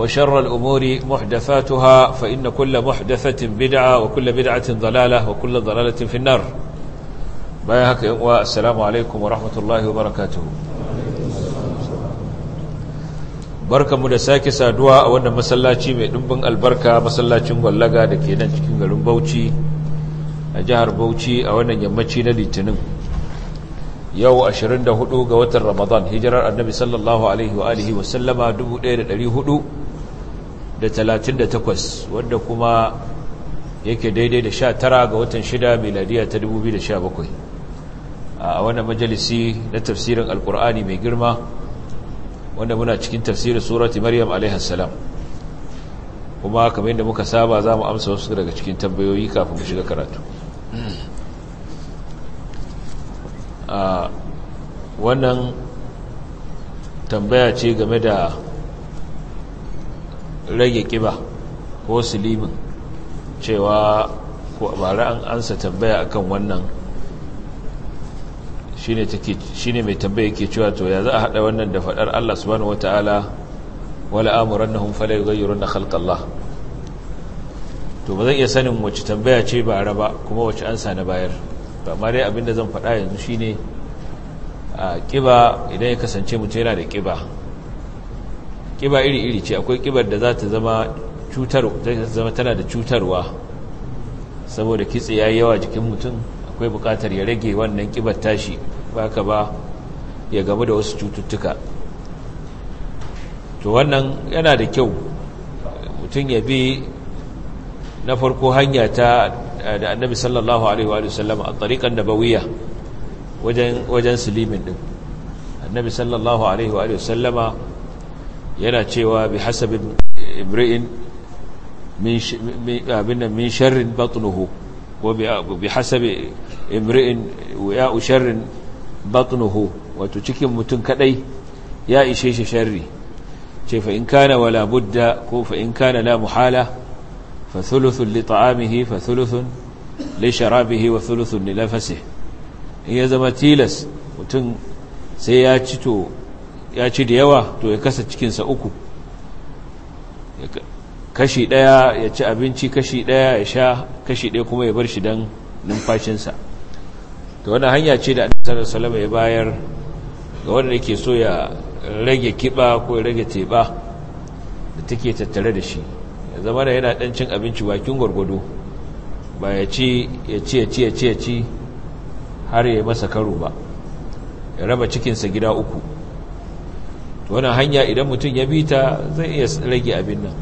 وشر الأمور محدثاتها فإن كل محدثة بدعة وكل بدعة ضلالة وكل ضلالة في النار بايهك والسلام عليكم ورحمة الله وبركاته barka mu da sake saduwa a wannan masallaci mai dumbin albarka masallacin gwallaga da ke nan cikin garin Bauchi a jihar Bauchi a wannan yammaci na Litinin yau 24 ga watan Ramadan hijirar Annabi sallallahu alaihi wa alihi wa sallama 1400 da talatin da takwas wadda kuma yake daidai da sha tara ga watan shida miladiya ta dubu biyu da sha bakwai a wannan majalisi na tafsirin alkur'ani mai girma wanda muna cikin tafsirin surati maryam alaihassalam kuma kamar yadda muka saba za mu amsa wasu daga cikin tambayoyi kafin mu shiga karatu wannan tambaya ce game da rage kiba ko silimin cewa bara an ansa tambaya akan wannan shine mai tambaya yake cewa to ya za a hada wannan da faɗar Allah subhanahu wataala wala fala yughayyiruna to ba zan iya sanin wacce tambaya ce ba raba kuma wacce ansa na bayar ba ma dai abinda zan faɗa yanzu shine a kiba idan ya kasance mutum yana da kiba ƙiba iri-iri ce akwai kibar da za ta zama tana da cutarwa saboda kitse ya yi yawa jikin mutum akwai buƙatar ya rage wannan kibar tashi ba ba ya gamu da wasu cututtuka to wannan yana da kyau mutum ya bi na farko hanya ta da annabi sallallahu alaihi wa sallam a tariƙan nabawiyya wajen wajen silimin din annabi sallallahu alaihi wa sallama yana cewa bi hasabin Ibrahim abin min sharrin batnuhu wa bi hasabi Ibrahim ya sharrin batnuhu wato cikin mutum kadai ya ishe shi sharri ce fa in kana wala budda ko fa in kana la muhala fa thuluthun li ta'amihi fa thuluthun li sharabihi wa thuluthun li nafsihi in ya zama tilas mutum sai ya ci to ya ci da yawa to ya kasa cikinsa uku kashi ɗaya ya ci abinci kashi ɗaya ya sha kashi ɗaya kuma ya bar shi don numfashinsa ta wani hanya ce da da salama ya bayar ga wanda yake so ya rage kiba ko ya rage teba da take tattare da shi ya zama da yana ɗancin abinci bakin gwargwado ba ya ci ya ci ya ci ya ci ya ci har ya masa karo ba ya raba cikinsa gida uku wannan hanya idan mutum ya bita zai iya rage abin nan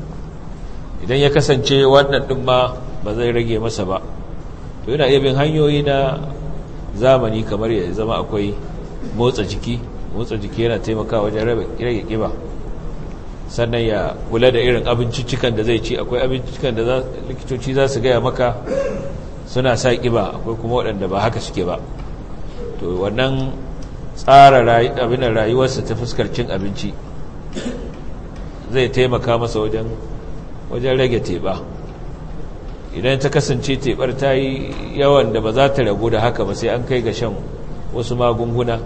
idan ya kasance wannan ɗin ma ba zai rage masa ba to yana iya bin hanyoyi na zamani kamar ya zama akwai motsa jiki motsa jiki yana taimaka wajen rage ƙiba sannan ya kula da irin abinciccikan da zai ci akwai abinciccikan da likitoci za su gaya maka suna sa ƙiba akwai kuma waɗanda ba haka suke ba to wannan tsara abin rayuwarsa ta fuskar cin abinci zai taimaka masa wajen wajen rage teba idan ta kasance tebar ta yi yawan da ba za ta ragu da haka ba sai an kai ga shan wasu magunguna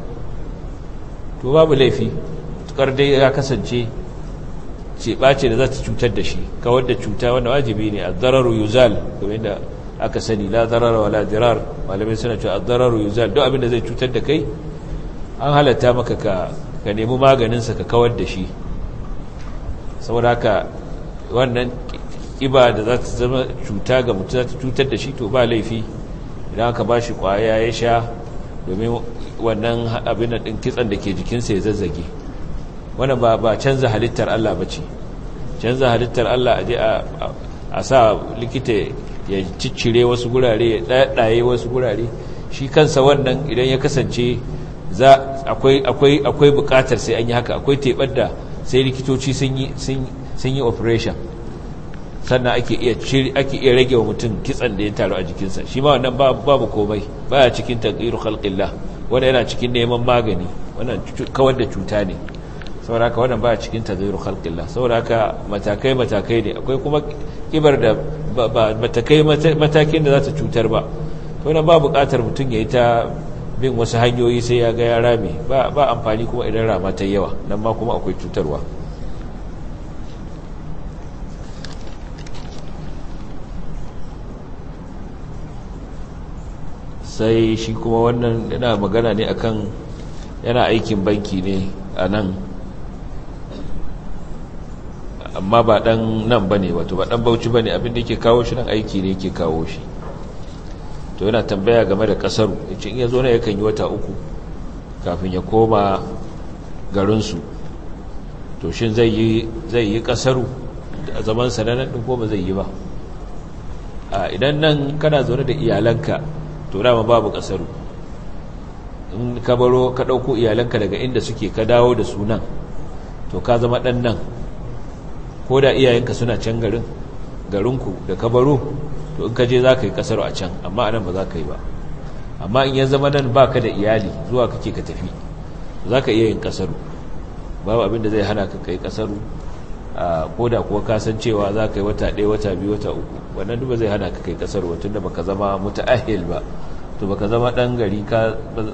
to babu laifi tukar dai ya kasance teba ce da za ta cutar da shi kawar da cuta wanda wajibi ne a zararu yuzal kuma da aka sani la zarara wala dirar malamai suna cewa a zararu yuzal duk abin da zai cutar da kai an halatta maka ka ka nemi maganinsa ka kawar da shi saboda haka wannan ƙiba da za ta zama cuta ga mutu za ta cutar da shi to ba laifi idan aka ba shi ƙwaya ya sha domin wannan abin ɗin kitsan da ke jikinsa ya zazzage wannan ba canza halittar Allah ba ce canza halittar Allah a a sa likita ya ciccire wasu gurare ya ɗaya wasu gurare shi kansa wannan idan ya kasance za akwai bukatar sai an yi haka akwai teɓar da sai likitoci sun yi operation sannan ake iya ake iya rage wa mutum kitsan da ya taru a jikinsa shi ma wannan babu komai baya cikin tagiru khalqillah wanda yana cikin neman magani wannan kawar da cuta ne saboda haka wannan baya cikin tagiru khalqillah saboda haka matakai matakai ne akwai kuma kibar da matakai matakin da za ta cutar ba to nan ba buƙatar mutum ya yi ta bin wasu hanyoyi sai ya ga ya rame ba amfani kuma idan rama ta yawa nan ma kuma akwai cutarwa sai shi kuma wannan yana magana ne akan yana aikin banki ne a nan amma ba dan nan bane wato ba dan bauchi bane abin da yake kawo shi nan aiki ne yake kawo shi to yana tambaya game da kasar yace in yazo ne yakan yi wata uku kafin ya koma garinsu to shin zai yi zai yi kasaru a zaman sananan din ko ba zai yi ba a idan nan kana zaune da iyalanka to dama babu kasar in ka baro ka dauko iyalanka daga inda suke ka dawo da sunan to ka zama dan nan ko da iyayenka suna can garin garinku da ka baro to in ka je za ka yi kasar a can amma anan ba za ka yi ba amma in ya zama nan ba ka da iyali zuwa kake ka tafi za ka iya yin kasaru babu da zai hana ka kai kasaru ko da kuwa cewa za ka yi wata ɗaya wata biyu wata uku wannan duba zai hana ka kai kasaru watun da baka zama muta'ahil ba to baka zama ɗan gari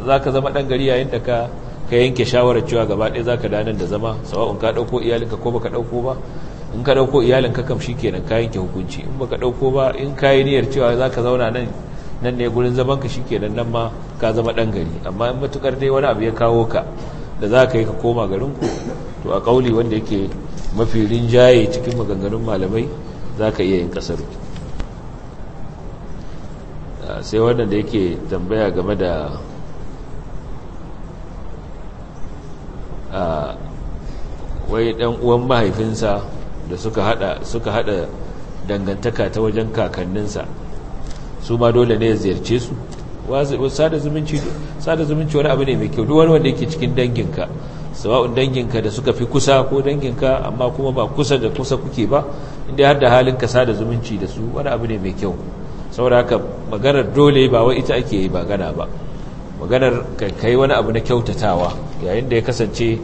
za ka zama ɗan gari yayin da ka ka yanke shawarar cewa gaba ɗaya za ka nan da zama sawa'un ka ɗauko iyalinka ko baka ɗauko ba in ka ɗauko iyalin ka kam shikenan ka yanke hukunci in baka ɗauko ba in ka yi niyyar cewa za ka zauna nan nan ne gurin zaman ka shikenan nan ma ka zama ɗan gari amma in matukar dai wani abu ya kawo ka da za ka yi ka koma garin ku. to a kauli wanda yake mafi rinjaye cikin maganganun malamai za ka iya yin kasar ah, sai wannan da yake tambaya game da ah, wai dan uwan mahaifinsa da suka hada suka hada dangantaka ta wajen kakanninsa su ma dole ne ya ziyarce su sada zumunci sada zumunci wani abu ne mai kyau duk wani wanda yake cikin danginka sawa'un danginka da suka fi kusa ko danginka amma kuma ba kusa da kusa kuke ba inda har da halinka sada zumunci da su wani abu ne mai kyau saboda haka maganar dole ba wai ita ake yi magana ba maganar kai wani abu na kyautatawa yayin da ya kasance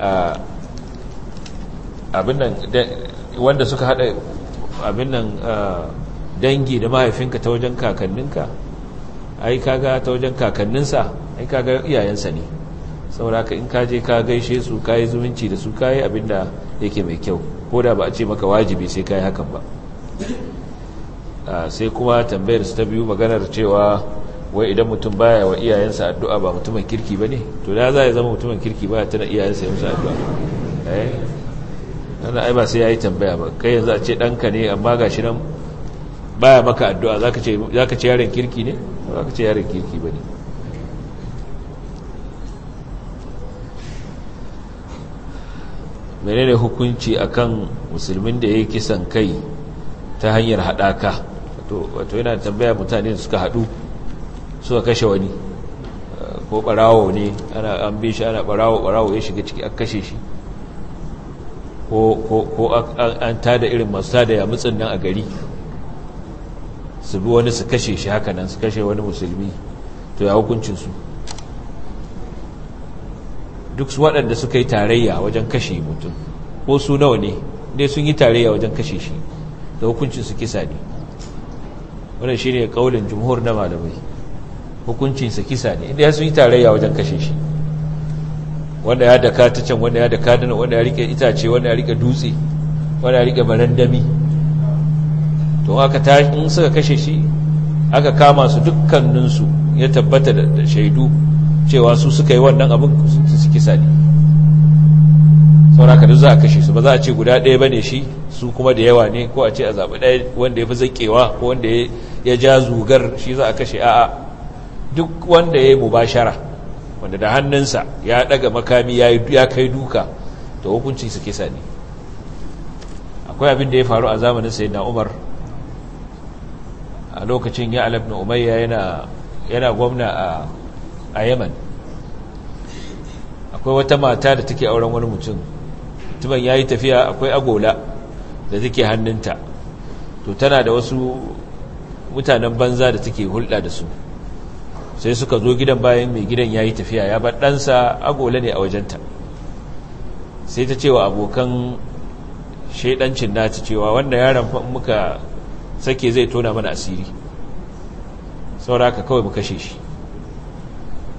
ah, abin wanda suka hada abin ah, dangi da mahaifinka ta wajen kakanninka ai kaga ta wajen kakanninsa ai kaga iyayensa ne saboda ka in ka je ka gaishe su ka yi zumunci da su ka yi abin yake mai kyau ko da ba a ce maka wajibi sai ka yi hakan ba ah, sai kuma tambayar su ta biyu maganar cewa wai idan mutum baya wa iyayensa addu'a ba mutumin kirki ba ne to da za ya zama mutumin kirki ya tana iyayensa yi musu addu'a eh? wannan ai ba sai yayi tambaya ba kai yanzu a ce danka ne amma gashi nan baya maka addu'a zaka ce ce yaron kirki ne zaka ce yaron kirki bane menene hukunci akan musulmin da yake kisan kai ta hanyar hadaka wato yana tambaya mutane suka hadu suka kashe wani ko barawo ne ana an bi shi ana barawo barawo ya shiga ciki an kashe shi ko an tada irin masu tada yamutsin nan a gari su bi wani su kashe shi haka nan su kashe wani musulmi to ya hukuncinsu duk waɗanda suka yi tarayya wajen kashe mutum ko su nawa ne dai sun yi tarayya wajen kashe shi da hukuncinsu kisa ne wani shi ne ƙaunin jumhur na malamai hukuncinsa kisa ne inda sun yi tarayya wajen kashe shi wanda ya daka ta can wanda ya daka dana wanda ya rike itace wanda ya rike dutse wanda ya rike barandami to aka ta in suka kashe shi aka kama su dukkaninsu ya tabbata da shaidu cewa su suka yi wannan abin su suke sani sauraka duk za a kashe su ba za a ce guda ɗaya ba ne shi su kuma da yawa ne ko a ce a zaɓi ɗaya wanda ya fi zaƙewa ko wanda ya ja zugar shi za a kashe a'a duk wanda ya yi mubashara wanda da hannunsa ya daga makami ya kai duka to hukunci su kisa ne akwai abin da ya faru a zamanin sai na Umar a lokacin ya alabna umayya yana gwamna a Yaman akwai wata mata da take auren wani mutum mutumin yi tafiya akwai agola da take hannunta to tana da wasu mutanen banza da take hulɗa da su sai suka zo gidan bayan mai gidan ya yi tafiya ya bar ɗansa agola ne a wajenta sai ta cewa abokan shaidancin nata cewa wanda yaron muka sake zai tona mana asiri saura ka kawai mu shi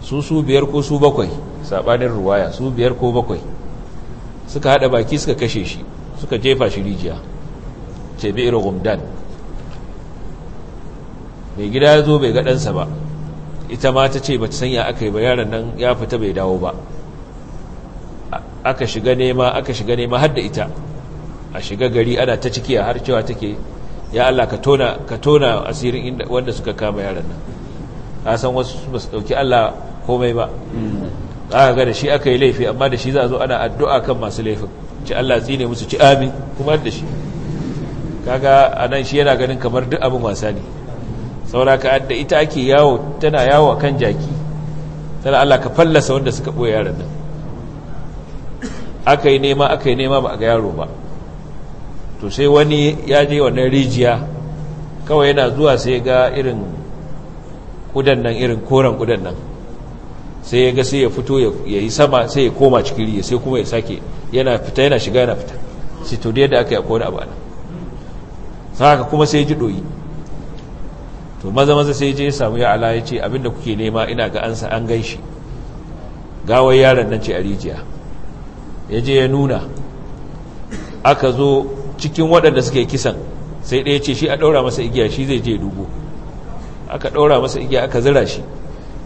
su su biyar ko su bakwai saɓanin ruwaya su biyar ko bakwai suka haɗa baki suka kashe shi suka jefa shi rijiya ce bi irin gumdan mai gida ya zo bai ga ɗansa ba ita ma ta ce ba ta sanya aka yi ba yaron nan ya fita bai dawo ba aka shiga nema aka shiga nema har da ita a shiga gari ana ta ciki a har cewa take ya Allah ka tona ka tona asirin inda wanda suka kama yaron nan a san wasu ba su dauki Allah komai ba aka ga da shi aka yi laifi amma da shi za a zo ana addu'a kan masu laifin ci Allah tsine musu ci amin kuma da shi kaga anan shi yana ganin kamar duk abin wasa ne saura ka adda ita ake yawo tana yawo kan jaki tana Allah ka fallasa wanda suka ɓoye yaron nan aka yi nema aka yi nema ba a ga yaro ba to sai wani ya je wannan rijiya kawai yana zuwa sai ga irin kudan nan irin koren kudan nan sai ya ga sai ya fito ya yi sama sai ya koma cikin riya sai kuma ya sake yana fita yana shiga yana fita sai to da yadda aka yi akwai wani abu ana saka kuma sai ji doyi to maza maza sai je samu ya ala ya ce abinda kuke nema ina ga ansa an gan shi gawai yaron nan ce a rijiya ya je ya nuna aka zo cikin waɗanda suke kisan sai ɗaya ce shi a ɗaura masa igiya shi zai je dubu aka ɗaura masa igiya aka zira shi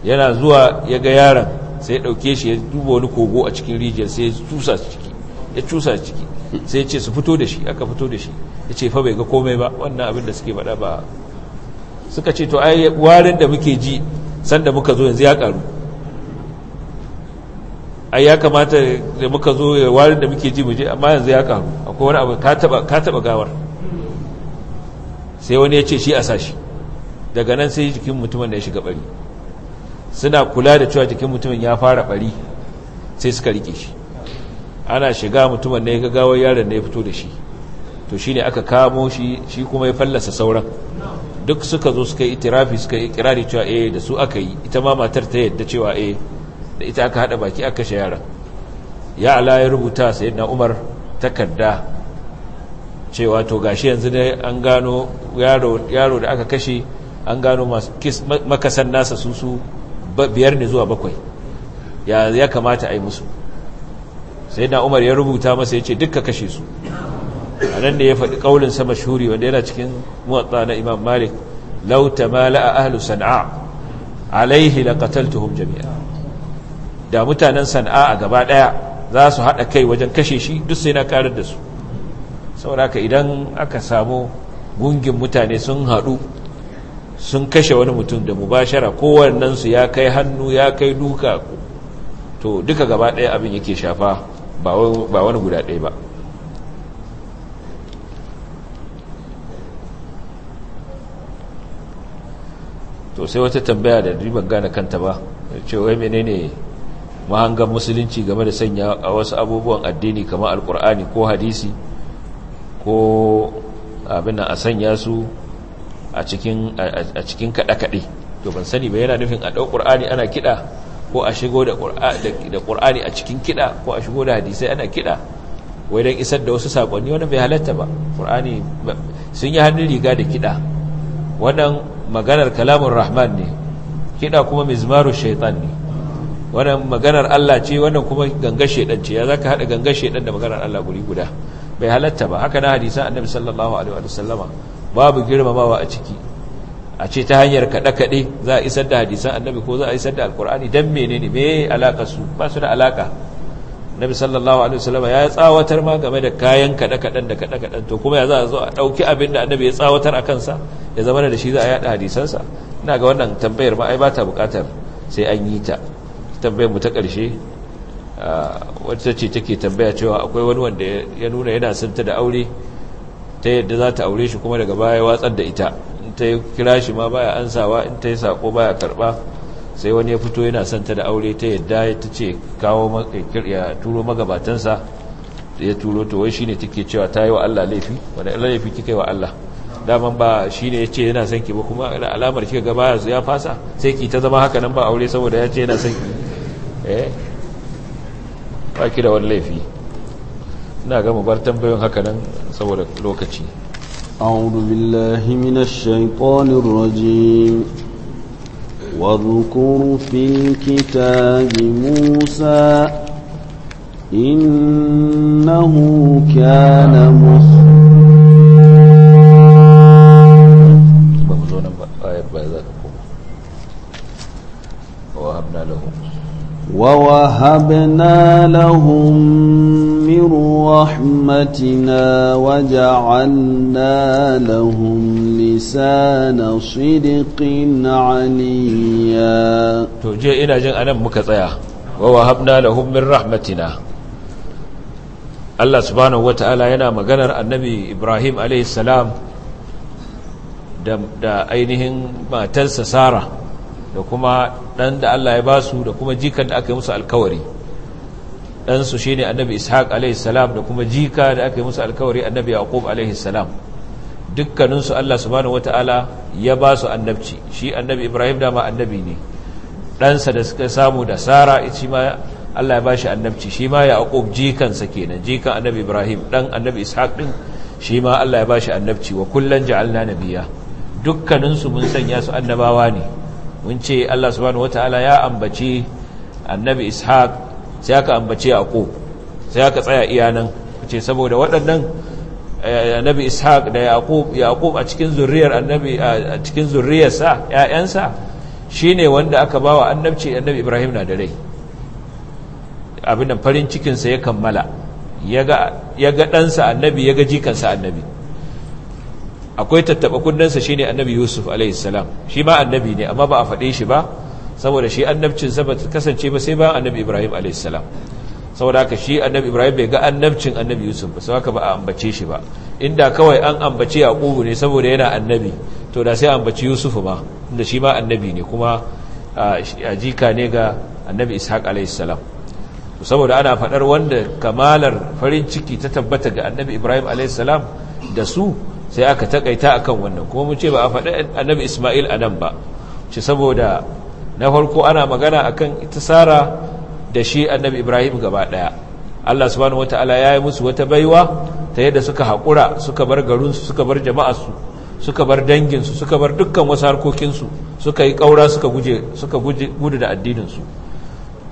yana zuwa ya ga yaran sai ya ɗauke shi ya duba wani kogo a cikin rijiyar sai ya cusa ciki ya cusa ciki sai ce su fito da shi aka fito da shi ya ce fa bai ga komai ba wannan abin da suke faɗa ba suka ce to ai warin da muke ji sanda muka zo yanzu ya karu ai ya kamata da muka zo warin da muke ji muje amma yanzu ya karu akwai wani abu ka taba gawar sai wani ya ce shi a sashi daga nan sai jikin mutumin da ya shiga bari suna kula da cewa jikin mutumin ya fara bari sai suka rike shi ana shiga mutumin ne ya gawar yaron da ya fito da shi to shine aka kamo shi shi kuma ya fallasa sauran duk suka zo suka yi itirafi suka yi ikirari cewa eh da su aka yi ita ma matar ta yadda cewa eh da ita aka haɗa baki aka kashe yaran ya ala ya rubuta sayyidina Umar takarda cewa to gashi yanzu ne an gano yaro da aka kashe an gano makasan nasa su su biyar ne zuwa bakwai ya kamata a yi musu sayyidina Umar ya rubuta masa ya yace dukka kashe su a nan da ya faɗi ƙaunin sama mashuri wanda yana cikin muwatsa na imam malik lauta mala a ahlu sana'a alaihi da tuhum jami'a da mutanen sana'a a gaba ɗaya za su haɗa kai wajen kashe shi duk sai na karar da su sauraka idan aka samu gungin mutane sun haɗu sun kashe wani mutum da mubashara kowannensu ya kai hannu ya kai duka to duka gaba ɗaya abin yake shafa ba wani guda ɗaya ba to sai wata tambaya da ribar gane kanta ba ce wai menene mahangar musulunci game da sanya a wasu abubuwan addini kamar alkur'ani ko hadisi ko abin a sanya su a cikin kaɗe-kaɗe to ban sani ba yana nufin a ɗau ƙur'ani ana kiɗa ko a shigo da ƙur'ani a cikin kiɗa ko a shigo da hadisai ana kiɗa wai don isar da wasu saƙonni wani bai halatta ba ƙur'ani sun yi hannun riga da kiɗa wannan maganar kalamun rahman ne kiɗa kuma mizmaru shaitan ne wannan maganar Allah ce wannan kuma ganga shaitan ce ya zaka haɗa ganga shaitan da maganar Allah guri guda bai halatta ba haka na hadisan annabi sallallahu alaihi wa sallama babu girmamawa a ciki a ce ta hanyar kaɗe-kaɗe za a isar da hadisan annabi ko za a isar da alkur'ani dan menene me alaka su ba su da alaka annabi sallallahu alaihi wasallam ya tsawatar ma game da kayan kada kadan da kada kadan to kuma ya za a zo a dauki abin da annabi ya tsawatar akan sa ya zama da shi za a yada hadisan sa ina ga wannan tambayar ma ai ba ta bukatar sai an yi ta tambayar mu ta karshe wacce ce take tambaya cewa akwai wani wanda ya nuna yana santa da aure ta yadda za ta aure shi kuma daga baya watsar da ita in ta kira shi ma baya ansawa in ta yi sako baya karba sai wani ya fito yana son ta da aure ta yadda ta ce kawo ya turo magabatansa da ya turo to wai ne take cewa ta yi wa Allah laifi wani laifi kika yi wa Allah daman ba shi ne ya ce yana son ki ba kuma alamar kika gaba yanzu ya fasa sai ki ta zama haka nan ba aure saboda ya ce yana son ki eh ba ki da wani laifi ina ga mu bar tambayoyin haka nan saboda lokaci أعوذ بالله من الشيطان الرجيم واذكر في الكتاب موسى إنه كان مخلصا ووهبنا لهم من رحمتنا وجعلنا لهم لسان صدق عليا to je ina jin anan muka tsaya wa wahabna lahum min rahmatina Allah subhanahu wataala yana maganar annabi Ibrahim alayhi salam da, da ainihin matarsa Sara da kuma dan da Allah ya basu da kuma jikan da aka yi musu alkawari ɗansu shi ne annabi ishaq alaihissalam da kuma jika da aka yi musu alkawari annabi yaqub alaihissalam dukkaninsu allah subhanahu wata'ala ya ba su annabci shi annabi ibrahim dama annabi ne ɗansa da suka samu da sara shi ma allah ya ba shi annabci shi ma yaqub jikansa kenan jikan annabi ibrahim ɗan annabi ishaq ɗin shi ma allah ya ba shi annabci wa kullum ja'alna nabiya dukkaninsu mun sanya su annabawa ne mun ce allah subhanahu wata'ala ya ambaci annabi ishaq sai aka ambace ko sai aka tsaya iyanan ce saboda waɗannan eh, annabi ishaq da yaqub yaqub a cikin zuriyar annabi a cikin zuriyarsa ƴaƴansa shine wanda aka bawa annabci annabi ibrahim na da rai abin nan farin cikin sa ya kammala yaga yaga dan sa annabi yaga jikan sa annabi akwai tattaba sa shine annabi yusuf alayhi salam shi ma annabi ne amma ba a fade shi ba saboda shi annabcinsa ba ta kasance ba sai ba annabi ibrahim alaihissalam saboda haka shi annabi ibrahim bai ga annabcin annabi yusuf ba sau ba a ambace shi ba inda kawai an ambace yaqubu ne saboda yana annabi to da sai ambaci yusuf ma inda shi ma annabi ne kuma a jika ne ga annabi ishaq alaihissalam saboda ana faɗar wanda kamalar farin ciki ta tabbata ga annabi ibrahim alaihissalam da su sai aka takaita akan wannan kuma mu ce ba a faɗi annabi isma'il anan ba ce saboda na farko ana magana akan ita sara da shi annabi ibrahim gaba daya allah subhanahu wataala ya yi musu wata baiwa ta yadda suka haƙura suka bar garinsu suka bar jama'arsu suka bar danginsu suka bar dukkan wasu harkokinsu suka yi ƙaura suka guje suka gudu da addininsu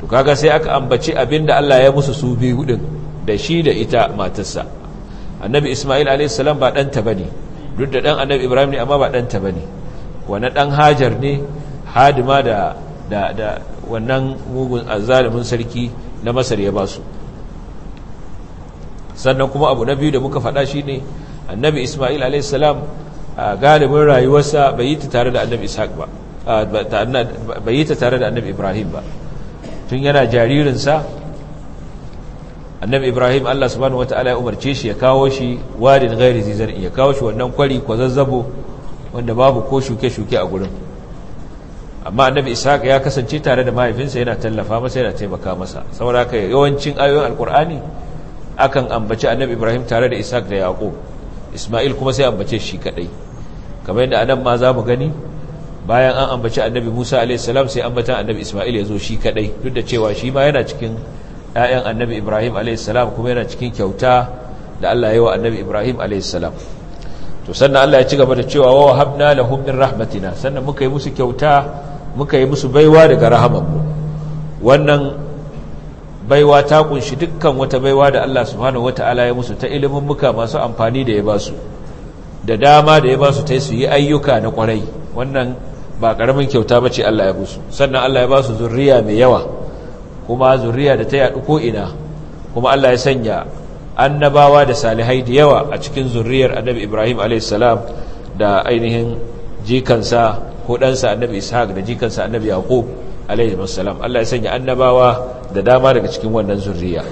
to kaga sai aka ambaci abin da allah ya musu su biyu din da shi da ita matarsa annabi ismail a.s. ba ɗanta ba ne duk da ɗan annabi ibrahim ne amma ba ɗanta ba ne wani ɗan hajar ne hadima da wannan mugun azalimin sarki na masar ya ba su sannan kuma abu na biyu da muka faɗa shi ne annabi ismail alaihissalam galibin rayuwarsa bai yi ta tare da annabi ishaq ba bai yi ta tare da annabi ibrahim ba tun yana jaririnsa annabi ibrahim allah subhanahu wata'ala ya umarce shi ya kawo shi wadin gairi zizar ya kawo shi wannan kwari kwazazzabo wanda babu ko shuke-shuke a gurin amma annabi ishaq ya kasance tare da mahaifinsa yana tallafa masa yana taimaka masa saboda haka yawancin ayoyin alkur'ani akan ambaci annabi ibrahim tare da ishaq da yaqub isma'il kuma sai ambace shi kadai kamar yadda anan ma za mu gani bayan an ambaci annabi musa alayhi salam sai ambatan annabi isma'il ya zo shi kadai duk da cewa shi ma yana cikin ƴaƴan annabi ibrahim alayhi salam kuma yana cikin kyauta da Allah ya yi wa annabi ibrahim alayhi to sannan Allah ya ci gaba da cewa wa habna lahum min rahmatina sannan muka yi musu kyauta muka yi musu baiwa daga rahamanmu wannan baiwa ta kunshi dukkan wata baiwa da Allah subhanahu wata'ala ya musu ta ilimin muka masu amfani da ya ba su da dama da ya ba su ta su yi ayyuka na kwarai wannan ba karamin kyauta ba ce Allah ya musu sannan Allah ya ba su zurriya mai yawa kuma zurriya da ta yaɗu ko'ina kuma Allah ya sanya annabawa da salihai da yawa a cikin zurriyar annabi ibrahim a.s. da ainihin jikansa ko ɗansa annabi ishaq da jikansa annabi yaqub alaihi wassalam Allah ya sanya annabawa da dama daga cikin wannan zurriya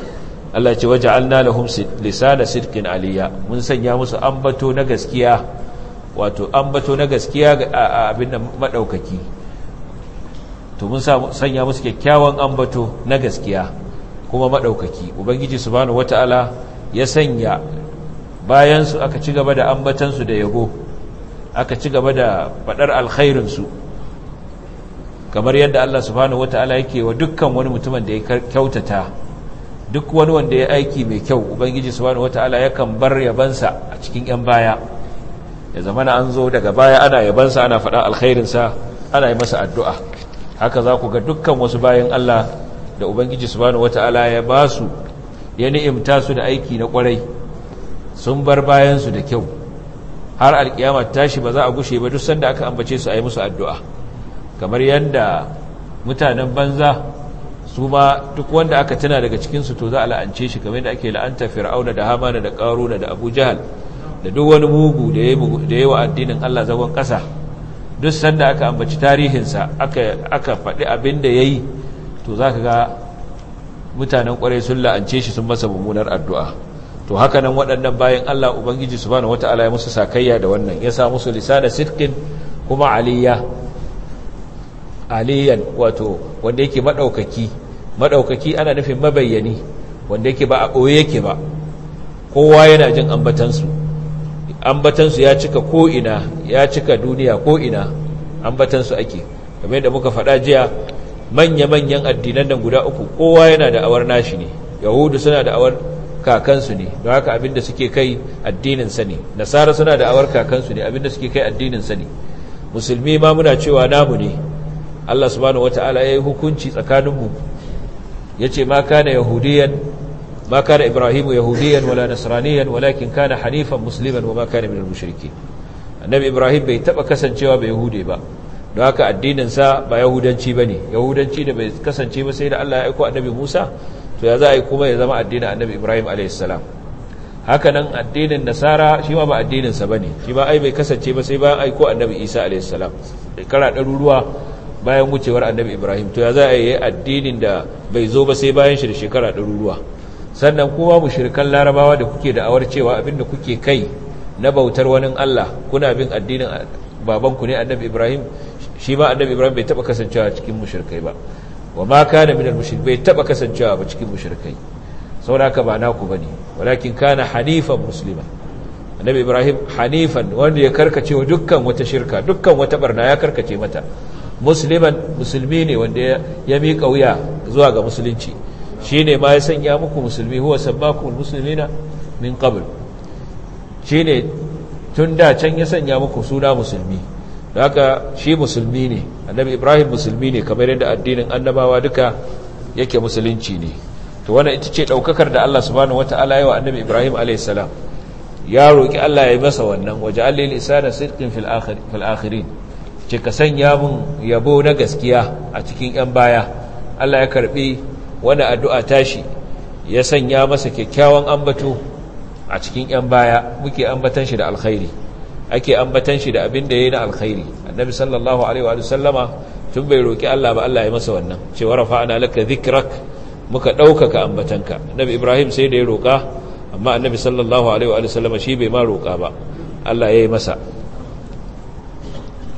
Allah ya ce waja'alna lahum lisana sidqin aliya mun sanya musu ambato na gaskiya wato ambato na gaskiya a abin nan madaukaki to mun sanya musu kyakkyawan ambato na gaskiya kuma madaukaki ubangiji subhanahu wataala ya sanya bayan su aka ci gaba da ambatan su da yabo aka ci gaba da faɗar alkhairinsu kamar yadda Allah subhanahu wata'ala yake wa dukkan wani mutumin da ya kyautata duk wani wanda ya aiki mai kyau ubangiji subhanahu wata'ala yakan bar yabansa a cikin yan baya ya zamana an zo daga baya ana yabansa ana faɗa alkhairinsa ana yi masa addu'a haka za ku ga dukkan wasu bayan Allah da ubangiji subhanahu wata'ala ya ba su ya ni'imta su da aiki na kwarai sun bar bayansu da kyau har alkiyama tashi ba za a gushe ba duk sanda aka ambace su a yi musu addu'a kamar yadda mutanen banza su ma duk wanda aka tuna daga cikinsu to za a la'ance shi kamar yadda ake la'anta fir'auna da hamana da ƙaruna da abu jahal da duk wani mugu da ya wa addinin allah zagon kasa duk sanda aka ambaci tarihinsa aka faɗi abin da ya yi to za ka ga mutanen ƙwarai sun la'ance shi sun masa mummunar addu'a to haka nan waɗannan bayan Allah ubangiji subhanahu wata'ala ya musu sakayya da wannan ya sa musu da sidqin kuma aliyya aliyan wato wanda yake madaukaki madaukaki ana nufin mabayyani wanda yake ba a boye yake ba kowa yana jin ambatansu ambatansu ya cika ko ina ya cika duniya ko ina ambatansu ake kamar yadda muka faɗa jiya manya-manyan addinan nan guda uku kowa yana da awar nashi ne yahudu suna da awar kakansu ne don haka abinda suke kai addininsa ne nasara suna da awar kakansu ne abinda suke kai addininsa ne musulmi ma muna cewa namu ne Allah subhanahu wata'ala ya yi hukunci tsakaninmu ya ce ma kana yahudiyan ma kana ibrahimu yahudiyan wala nasraniyan walakin kana hanifan musliman wa ma kana min mushriki annabi ibrahim bai taba kasancewa ba yahude ba don haka addininsa ba yahudanci ba ne yahudanci da bai kasance ba sai da Allah ya aiko annabi musa to ya za a yi kuma ya zama addinin annabi ibrahim alaihissalam haka nan addinin nasara shi ma ba addininsa ba ne shi ba ai bai kasance ba sai bayan aiko annabi isa alaihissalam shekara ɗaruruwa bayan wucewar annabi ibrahim to ya za a yi addinin da bai zo ba sai bayan shi da shekara ɗaruruwa sannan kuma mushrikan larabawa da kuke da'awar cewa abinda kuke kai na bautar wani allah kuna bin addinin babanku ne annabi ibrahim shi ma annabi ibrahim bai taɓa kasancewa cikin mushrikai ba wa ma kana minal mushrik bai taba kasancewa ba cikin mushrikai saboda haka ba naku bane walakin kana hanifan muslima annabi ibrahim hanifan wanda ya karkace wa dukkan wata shirka dukkan wata barna ya karkace mata musliman musulmi ne wanda ya miƙa wuya zuwa ga musulunci shine ma ya sanya muku musulmi huwa sabbakumul muslimina min qabl shine tun da can ya sanya muku suna musulmi haka shi musulmi ne annabi ibrahim musulmi ne kamar yadda addinin annabawa duka yake musulunci ne to wannan ita ce daukakar da Allah subhanahu wataala ya wa annabi ibrahim alayhi salam ya roki Allah ya yi masa wannan waje alil isana sidqin fil akhir fil akhirin ce ka sanya mun yabo na gaskiya a cikin yan baya Allah ya karbi wani addu'a tashi ya sanya masa kyakkyawan ambato a cikin yan baya muke ambatan shi da alkhairi ake ambatan shi da abin da ya yi na alkhairi annabi sallallahu alaihi wa sallama tun bai roƙi Allah ba Allah ya masa wannan cewa rafa'ana laka dhikrak muka daukaka ambatanka annabi ibrahim sai da ya roka amma annabi sallallahu alaihi wa sallama shi bai ma roka ba Allah ya yi masa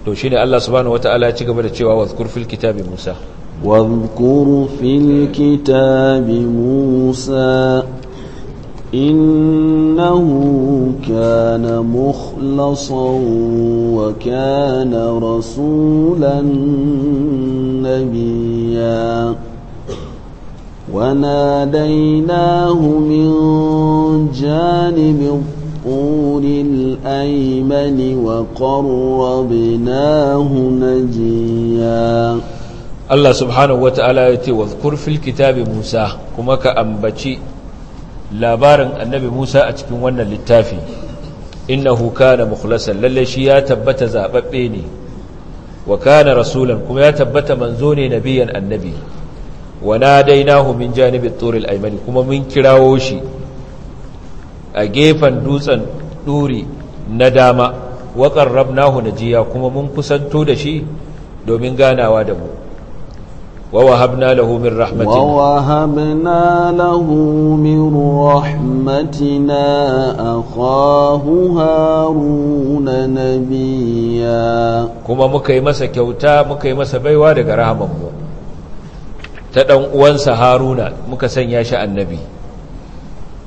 to ne Allah subhanahu wataala ya ci gaba da cewa wazkur fil kitabi musa واذكر في الكتاب إنه كان مخلصا وكان رسولا نبيا وناديناه من جانب الطور الأيمن وقربناه نجيا الله سبحانه وتعالى يتي واذكر في الكتاب موسى كما كأنبتي labarin annabi Musa a cikin wannan littafi innahu kana mukhlasan lalle shi ya tabbata zababbe ne wa kana rasulan kuma ya tabbata manzo ne nabiyan annabi wa nadainahu min janibi turil aymani kuma mun kirawo shi a gefen dutsen duri na dama wa qarrabnahu najiya kuma mun kusanto da shi domin ganawa da mu ووهبنا له من رحمتنا ووهبنا له من رحمتنا أخاه هارون نبيا كما مكي مسا كوتا مكي مسا بيوا دقا رحمه هارون مكسن ياشا النبي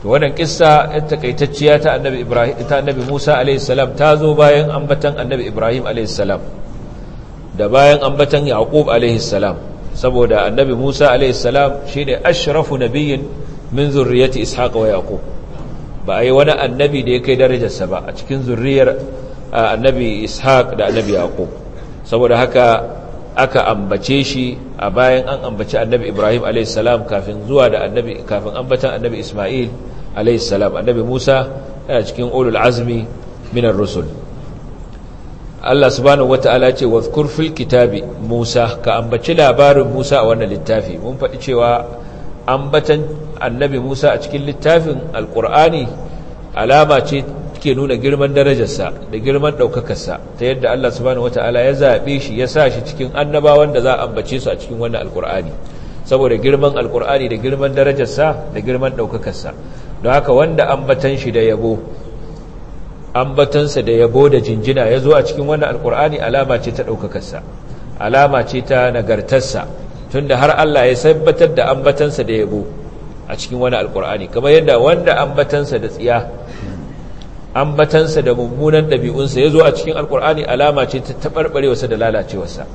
wannan kissa takaitacciya ta annabi ibrahim ta annabi musa alayhi salam ta zo bayan ambatan annabi ibrahim alayhi salam da bayan ambatan yaqub alayhi salam saboda annabi Musa alaihi salam shine ashrafu nabiyyin min zurriyyati Ishaq wa Yaqub ba yi wani annabi da ya kai darajarsa ba a cikin zurriyar annabi Ishaq da annabi Yaqub saboda haka aka ambace shi a bayan an ambaci annabi Ibrahim alaihi kafin zuwa da annabi kafin ambatan annabi Isma'il alaihi annabi Musa yana cikin ulul azmi minar rusul Allah subhanahu wata'ala ce wadhkur fil kitabi Musa ka ambaci labarin Musa a wannan littafi mun faɗi cewa ambatan annabi Musa a cikin littafin alqur'ani alama ce ke nuna girman darajarsa da girman ɗaukakarsa ta yadda Allah subhanahu wata'ala ya zaɓe shi ya sa shi cikin annabawan da za a ambace su a cikin wannan alqur'ani saboda girman alqur'ani da girman darajarsa da girman ɗaukakarsa don haka wanda ambatan shi da yabo ambatansa da yabo da jinjina ya zo a cikin wannan alkur'ani alama ce ta ɗaukakarsa alama ce ta nagartarsa tunda har Allah ya sabbatar da ambatansa da yabo a cikin wani alkur'ani kamar yadda wanda ambatansa da tsiya ambatansa da mummunan ɗabi'unsa ya zo a cikin alkur'ani alama ce ta taɓarɓarewarsa da lalacewarsa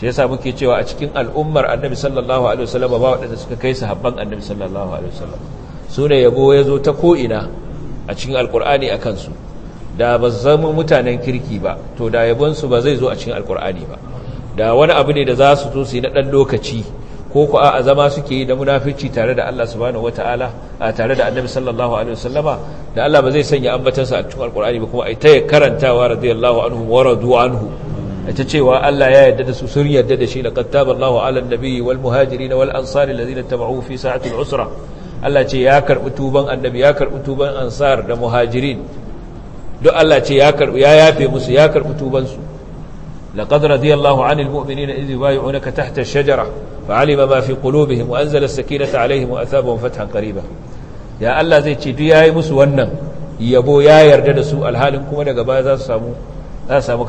shi yasa muke cewa a cikin al'ummar annabi sallallahu alaihi wasallam ba waɗanda suka kai sahabban annabi sallallahu alaihi wasallam su ne yabo ya zo ta ko'ina a cikin alkur'ani a kansu da ba zama mutanen kirki ba to da yabonsu ba zai zo a cikin alkur'ani ba da wani abu ne da za su zo su yi na ɗan lokaci ko ku a zama suke yi da munafici tare da Allah subhanahu wataala a tare da Annabi sallallahu alaihi sallama da Allah ba zai sanya ambatansa a cikin alkur'ani ba kuma ai ta karantawa radiyallahu anhu wa radu anhu ta cewa Allah ya yarda da su sun yarda da shi laqad taballahu ala an-nabiyyi wal muhajirin wal ansari alladhina tabauhu fi sa'ati al-usra Allah ce ya karbi tuban annabi ya karbi tuban ansar da muhajirin duk Allah ce ya karbi ya yafe musu ya karbi tuban su laqad radiyallahu 'anil mu'minina idh yubayyi'unaka tahta ash-shajara fa'alima ma fi qulubihim wa anzala as-sakinata 'alayhim wa athābahum fathan qarība ya Allah zai ce duk yayi musu wannan yabo ya yarda da su alhalin kuma daga baya za su samu za su samu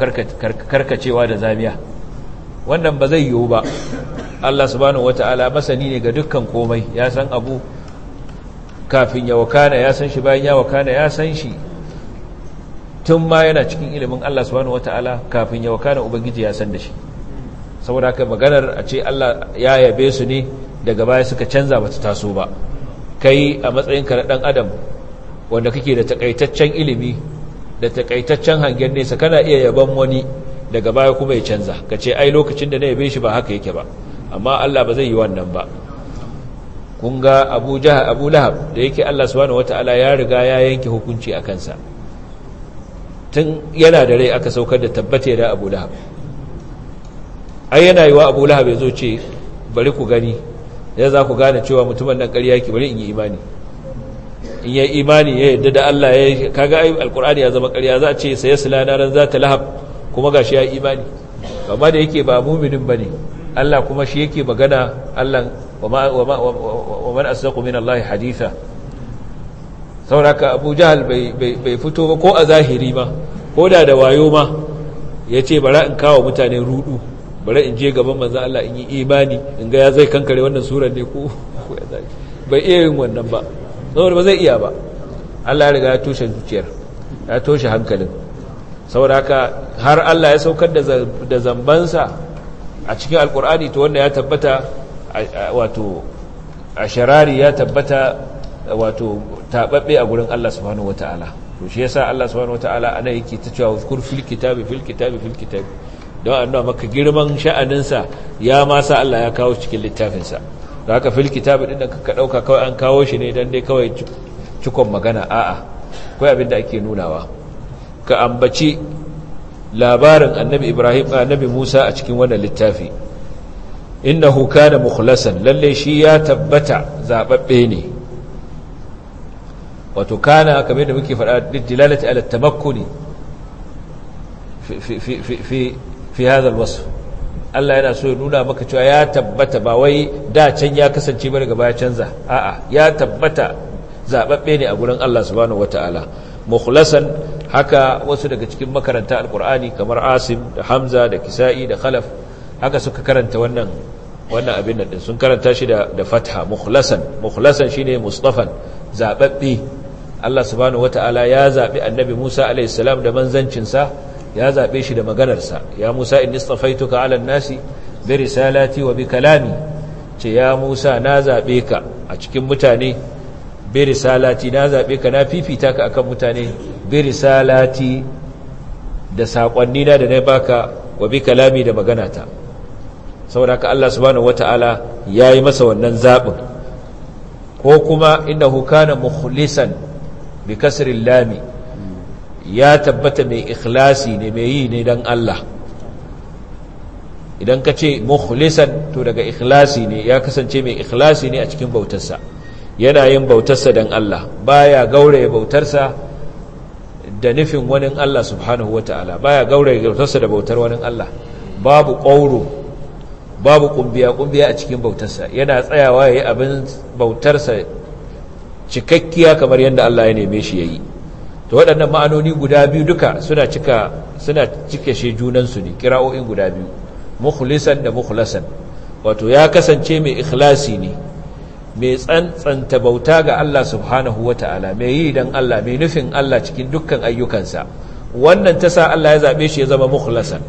karkacewa da zamiya wannan ba zai yiwu ba Allah subhanahu wataala masani ne ga dukkan komai ya san abu kafin ya wakana ya san shi bayan ya wakana ya san shi tun ma yana cikin ilimin Allah subhanahu wata'ala kafin ya wakana ubangiji ya san da shi saboda haka maganar a ce Allah ya yabe su ne daga baya suka canza bata taso ba kai a matsayin na dan adam wanda kake da takaitaccen ilimi da takaitaccen hangen nesa kana iya yaban wani daga baya kuma ya canza ka ce ai lokacin da na yabe shi ba haka yake ba amma Allah ba zai yi wannan ba kun ga Abu Lahab da yake Allah subhanahu wataala ya riga ya yanke hukunci a kansa tun yana da rai aka saukar da tabbata da abu lahab ai yana yi wa abu lahab ya zo ce bari ku gani ya za ku gane cewa mutumin nan ƙarya ki bari in yi imani in yi imani ya yadda da Allah ya kaga ai alkur'ani ya zama ƙarya za a ce sai yasla ran za ta lahab kuma gashi ya imani amma da yake ba muminin bane Allah kuma shi yake magana Allah wa man asdaqu min Allah haditha sauraka Abu Jahal bai fito ba ko a zahiri ba ko da da wayo ma ya ce bara in kawo mutane rudu bara in je gaban manzan Allah in yi imani in ga ya zai kankare wannan surar ne ko ya zai bai iya yin wannan ba saboda ba zai iya ba Allah ya riga ya toshe zuciyar ya toshe hankalin saboda haka har Allah ya saukar da zambansa a cikin alkur'ani to wanda ya tabbata wato a sharari ya tabbata wato tababbe a gurin Allah subhanahu wataala to shi yasa Allah subhanahu wataala ana yake ta cewa uzkur fil kitabi fil kitabi fil kitabi don annawa maka girman sha'aninsa ya ma sa Allah ya kawo cikin littafinsa da haka fil kitabi din da ka dauka kawai an kawo shi ne dan dai kawai cikon magana a'a akwai abin da ake nunawa ka ambaci labarin annabi Ibrahim annabi Musa a cikin wannan littafi innahu kana mukhlasan lalle shi ya tabbata zababbe ne wato kana kamar da muke faɗa dilalati ala tamakkuni fi fi fi fi hadha alwasf Allah yana so ya nuna maka cewa ya tabbata ba wai da can ya kasance ba daga baya canza a'a ya tabbata zababbe ne a gurin Allah subhanahu wataala mukhlasan haka wasu daga cikin makaranta alqur'ani kamar Asim da Hamza da Kisa'i da Khalaf haka suka karanta wannan wannan abin daɗin sun karanta shi da da fatha mukhlasan mukhlasan shine mustafan zababbe Allah subhanahu wata'ala ya zaɓi annabi Musa alaihissalam da manzancinsa ya zaɓe shi da maganarsa ya Musa in istafaituka ala nasi bi risalati wa bi kalami ce ya Musa na zaɓe ka a cikin mutane bi risalati na zaɓe ka na fifita ka akan mutane bi risalati da saƙonni na da na baka wa bi kalami da maganata saboda haka Allah subhanahu wata'ala yayi masa wannan zaɓin ko kuma inda hukana mukhlisan bi kasrin lami ya tabbata mai ikhlasi ne mai yi ne dan Allah idan ka ce mukhlisan to daga ikhlasi ne ya kasance mai ikhlasi ne a cikin bautarsa yana yin bautarsa dan Allah baya gauraya bautarsa da nufin wani Allah subhanahu wa ta'ala baya gauraya bautarsa da bautar wani Allah babu ƙauro babu kumbiya kumbiya a cikin bautarsa yana tsayawa ya yi abin bautarsa cikakkiya kamar yadda Allah ya neme shi yayi to waɗannan ma'anoni guda biyu duka suna cika suna cike shi junansu ne kira'o'in guda biyu mukhlisan da mukhlasan wato ya kasance mai ikhlasi ne mai tsantsanta bauta ga Allah subhanahu wata'ala mai yi dan Allah mai nufin Allah cikin dukkan ayyukansa wannan ta sa Allah ya zabe shi ya zama mukhlasan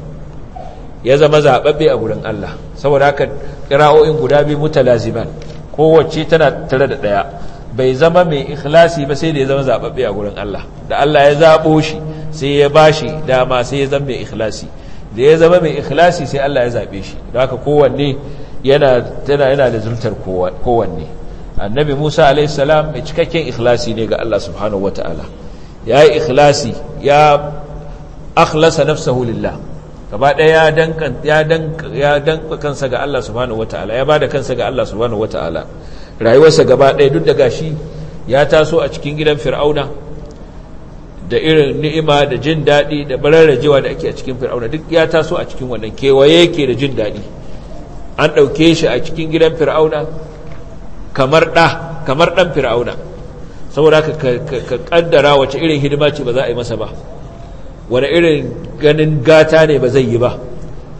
ya zama zababbe a gurin Allah saboda haka kira'o'in guda biyu mutalaziman kowace tana tare da daya bai zama mai ikhlasi ba sai da ya zama zababbe a gurin Allah da Allah ya zaɓo shi sai ya bashi dama sai ya zama mai ikhlasi da ya zama mai ikhlasi sai Allah ya zaɓe shi don haka kowanne yana yana da zurtar kowanne annabi Musa alayhi salam mai cikakken ikhlasi ne ga Allah subhanahu ya yi ikhlasi ya akhlasa nafsahu lillah gaba ɗaya ya danka kansa ga Allah subhanahu ta'ala ya bada kansa ga Allah subhanahu ta'ala. rayuwarsa gaba ɗaya duk da gashi ya taso a cikin gidan fir'auna da irin ni'ima da jin daɗi da bararrajewa da ake a cikin fir'auna duk ya taso a cikin wannan kewaye ke da jin daɗi an ɗauke shi a cikin gidan fir'auna kamar ɗa kamar ɗan fir'auna saboda ka ƙaddara wace irin hidima ce ba za a yi masa ba wani irin ganin gata ne ba zai yi ba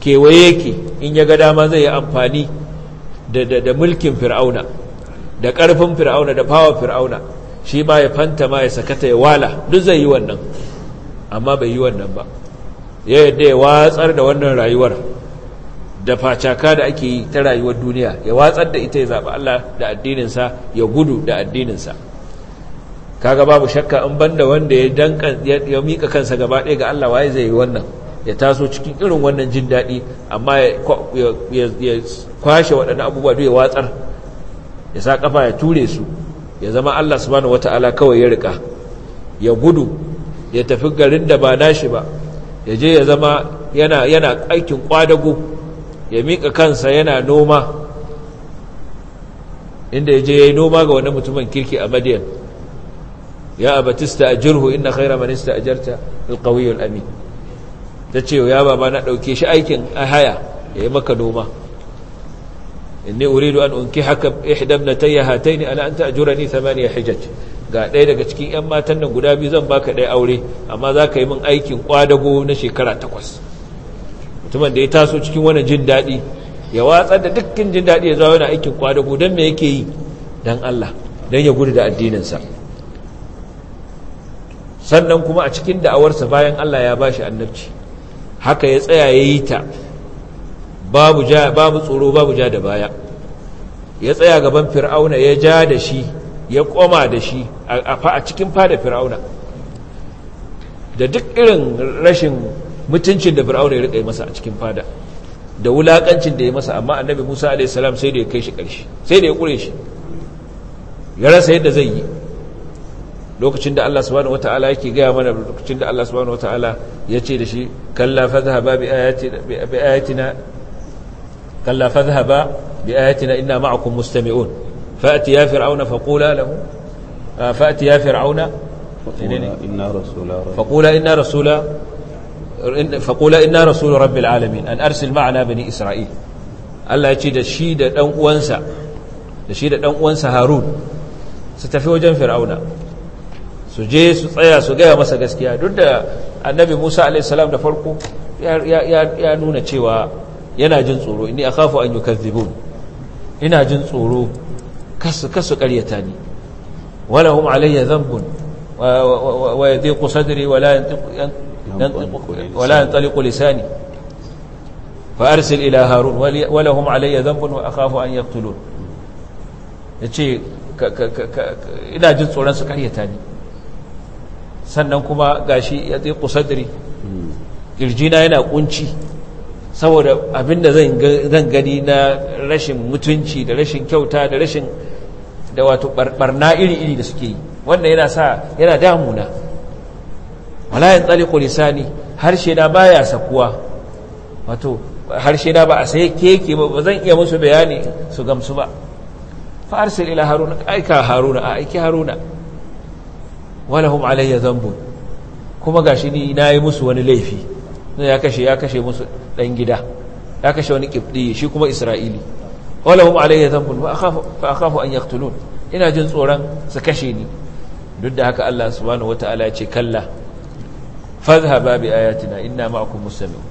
kewaye ke in ya ga dama zai yi amfani da mulkin fir'auna da ƙarfin fir'auna da fawar fir'auna shi ma ya fanta ma ya sakata ya wala duk zai yi wannan amma bai yi wannan ba ya yadda ya watsar da wannan rayuwar da facaka da ake yi ta rayuwar duniya ya watsar da ita ya zaɓi Allah da addininsa ya gudu da addininsa kaga babu shakka in banda wanda ya danka ya mika kansa gaba ɗaya ga Allah waye zai yi wannan ya taso cikin irin wannan jin daɗi amma ya kwashe waɗannan abubuwa duk ya watsar ya sa kafa ya ture su ya zama Allah subhanahu wata'ala kawai ya rika ya gudu ya tafi garin da ba nashi ba ya je ya zama yana yana aikin kwadago ya mika kansa yana noma inda ya je ya yi noma ga wani mutumin kirki a madiyan ya abatista ajirhu inna khaira manista ajarta alqawiyul amin ta ce ya baba na ɗauke shi aikin a haya ya yi maka noma inni uridu an unki haka ihdam na tayya hataini ana anta ajurani ni thamaniya hijaj ga ɗaya daga cikin yan matan nan guda biyu zan baka ɗaya aure amma za ka yi min aikin kwadago na shekara takwas mutumin da ya taso cikin wani jin daɗi ya watsar da dukkan jin daɗi ya zawo yana aikin kwadago don me yake yi don Allah don ya gudu da addininsa sannan kuma a cikin da'awarsa bayan Allah ya bashi annabci haka ya tsaya ya yi ta babu ja babu tsoro babu ja da baya ya tsaya gaban fir'auna ya ja da shi ya koma da shi a cikin fada fir'auna da duk irin rashin mutuncin da fir'auna ya rika masa a cikin fada da wulakancin da ya masa amma annabi Musa a.s. salam sai da ya kai shi ƙarshe sai da ya kure shi ya rasa yadda zai yi lokacin da Allah subhanahu wata'ala yake gaya mana lokacin da Allah subhanahu wata'ala ya ce da shi kalla fadhhaba bi ayatina كلا فاذهبا بآياتنا إنا معكم مستمعون فأتيا فرعون فقولا له فأتيا فرعون إنا رسول فقولا إنا رسول فقولا إنا رسول رب العالمين أن أرسل معنا بني إسرائيل Allah ya ce da shi da ɗan uwansa Harun su tafi wajen Fir'auna su je su tsaya su gaya masa gaskiya duk da Annabi Musa alaihissalam da farko ya nuna cewa yana jin tsoro an ina jin tsoro kasu wala alayya wa wala fa arsil ila harun wala alayya wa an ina jin tsoron su sannan kuma gashi yadiqu hmm. yana ƙunci saboda abinda zan gani na rashin mutunci da rashin kyauta da rashin da wato barna iri-iri da suke yi wannan yana sa yana damuna walayin tsaliko lisani harshe na baya sakuwa wato harshe na ba a sai keke ba ba zan iya musu bayani su gamsu ba fa'arsil ila haruna aika haruna a aiki haruna hum alayya zambun kuma gashi ni na yi musu wani laifi ya kashe ya kashe musu ɗan gida ya kashe wani ƙibɗi shi kuma isra'ili wala hum alayya zambun fa akhafu an yaqtulun ina jin tsoron su kashe ni duk da haka Allah subhanahu wataala ya ce kalla fadhhaba bi ayatina inna ma'akum mustami'un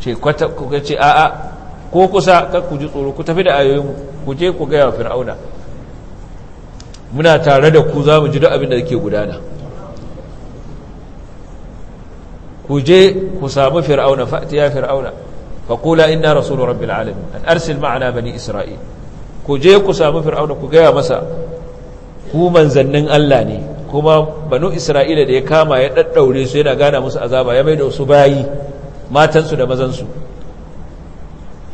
ce kwata ku ce a'a ko kusa kar ku ji tsoro ku tafi da ayoyin ku je ku ga ya fir'auna muna tare da ku za mu ji duk abin da yake gudana ku je ku samu fir'auna fa'ti ya fir'auna fa qula inna rasul rabbil alamin an arsil ma'ana bani isra'il ku je ku samu fir'auna ku gaya masa ku manzannin Allah ne kuma banu isra'ila da ya kama ya daddaure su yana gana musu azaba ya mai da su bayi matansu da mazansu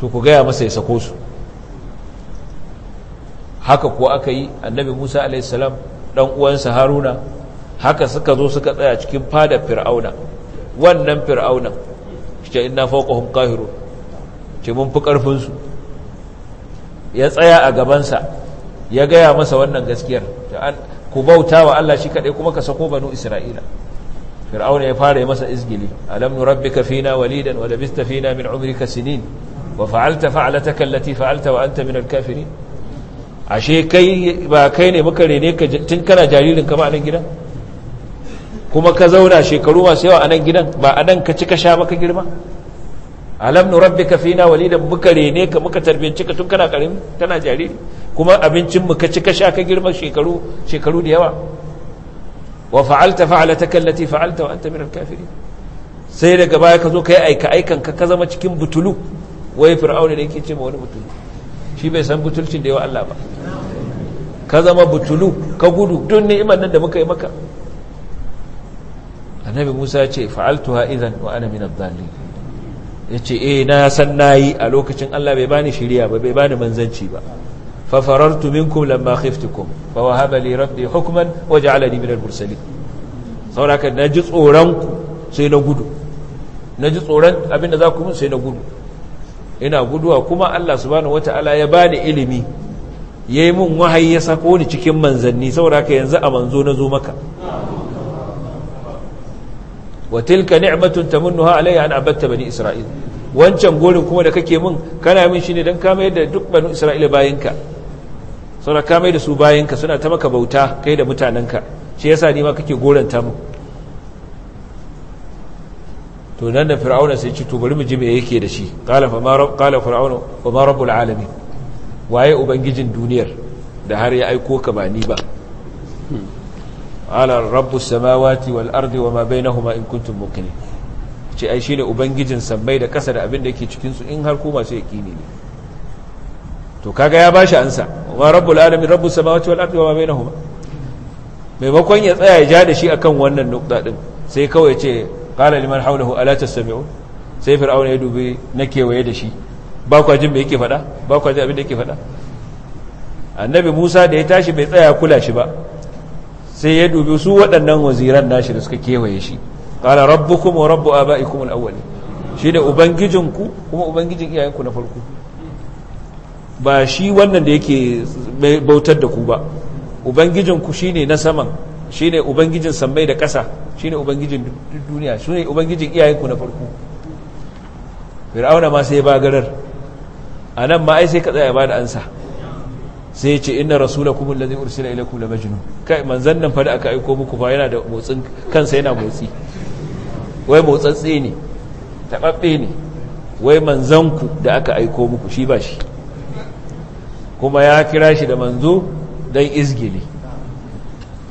to ku gaya masa ya sako su haka ko aka yi annabi musa alaihissalam dan uwansa haruna haka suka zo suka tsaya cikin fada fir'auna wannan fir'aunan ce ina fawqahum qahirun ce mun fi karfin ya tsaya a gabansa ya gaya masa wannan gaskiyar ku bauta wa Allah shi kaɗai kuma ka sako banu Isra'ila fir'auna ya fara masa izgili alam nurabbika fina walidan wa labista fina min umrika sinin wa fa'alta fa'alataka allati fa'alta wa anta min al-kafirin ashe kai ba kai ne muka rene ka tun kana jaririn kama a nan gidan kuma ka zauna shekaru masu yawa a nan gidan ba a nan ka cika sha maka girma alam nu rabbika fina walidan muka rene ka muka tarbiyance ka tun kana karimi tana jariri kuma abincin mu ka cika sha ka girma shekaru shekaru da yawa wa fa'alta fa'alataka allati fa'alta wa anta min al-kafirin sai daga baya ka zo kai aika aikan ka ka zama cikin butulu wai fir'auna da yake ce ma wani butulu shi bai san butulcin da yawa Allah ba ka zama butulu ka gudu duk ni'imar nan da muka yi maka annabi musa ce fa'altuha idan wa ana min adh-dhalin yace eh na san na yi a lokacin Allah bai bani shiriya ba bai bani manzanci ba fafarar farartu minkum lamma khiftukum ba wa li rabbi hukuman waje ja'alani minar al-mursalin sauraka na ji tsoronku sai na gudu na ji tsoron abinda za ku mun sai na gudu ina guduwa kuma Allah subhanahu wata'ala ya bani ilimi yayi mun wahayi ya sako ni cikin manzanni sauraka yanzu a manzo na zo maka Watilka tilka ni'matun tamunnuha alayya an abatta bani isra'il wancan gorin kuma da kake mun kana min shine dan ka mayar da duk bani isra'ila bayinka saboda ka da su bayinka suna ta maka bauta kai da mutanenka shi yasa ni ma kake ta mu to nan da fir'auna sai ci to bari mu ji me yake da shi kala fir'auna wa ma waye ubangijin duniyar da har ya aiko ka ba ni ba ala rabbus samawati wal ardi wama bainahuma in kuntum muqinin ce ai shine ubangijin sammai da kasa da abin da yake cikin su in har ku masu yaqini ne to kaga ya bashi ansa wa rabbul alamin rabbus samawati wal ardi wama bainahuma maimakon ya tsaya ya ja da shi akan wannan nukta din sai kawai ce qala liman hawlahu ala tastami'u sai fir'auna ya dubi na kewaye da shi ba kwa jin me yake faɗa ba kwa jin abin da yake fada annabi Musa da ya tashi bai tsaya kula shi ba sai ya dubi su waɗannan waziran nashi da suka kewaye shi rabu kuma rabu a bai kuma al'awali shi da ubangijinku kuma ubangijin iyayenku na farko ba shi wannan da yake bautar da ku ba ubangijinku shine na saman shine ubangijin sammai da ƙasa shine ubangijin duniya shine ubangijin iyayenku na farko fir'auna ma sai ya a nan ma ai sai ka tsaya ba da ansa sai ce inna rasulakum allazi ursila ilaykum la majnun kai manzon nan fa da aka aiko muku fa yana da motsin kansa yana motsi wai motsatsi ne taɓaɓɓe ne wai manzon ku da aka aiko muku shi ba shi kuma ya kira shi da manzo dan izgili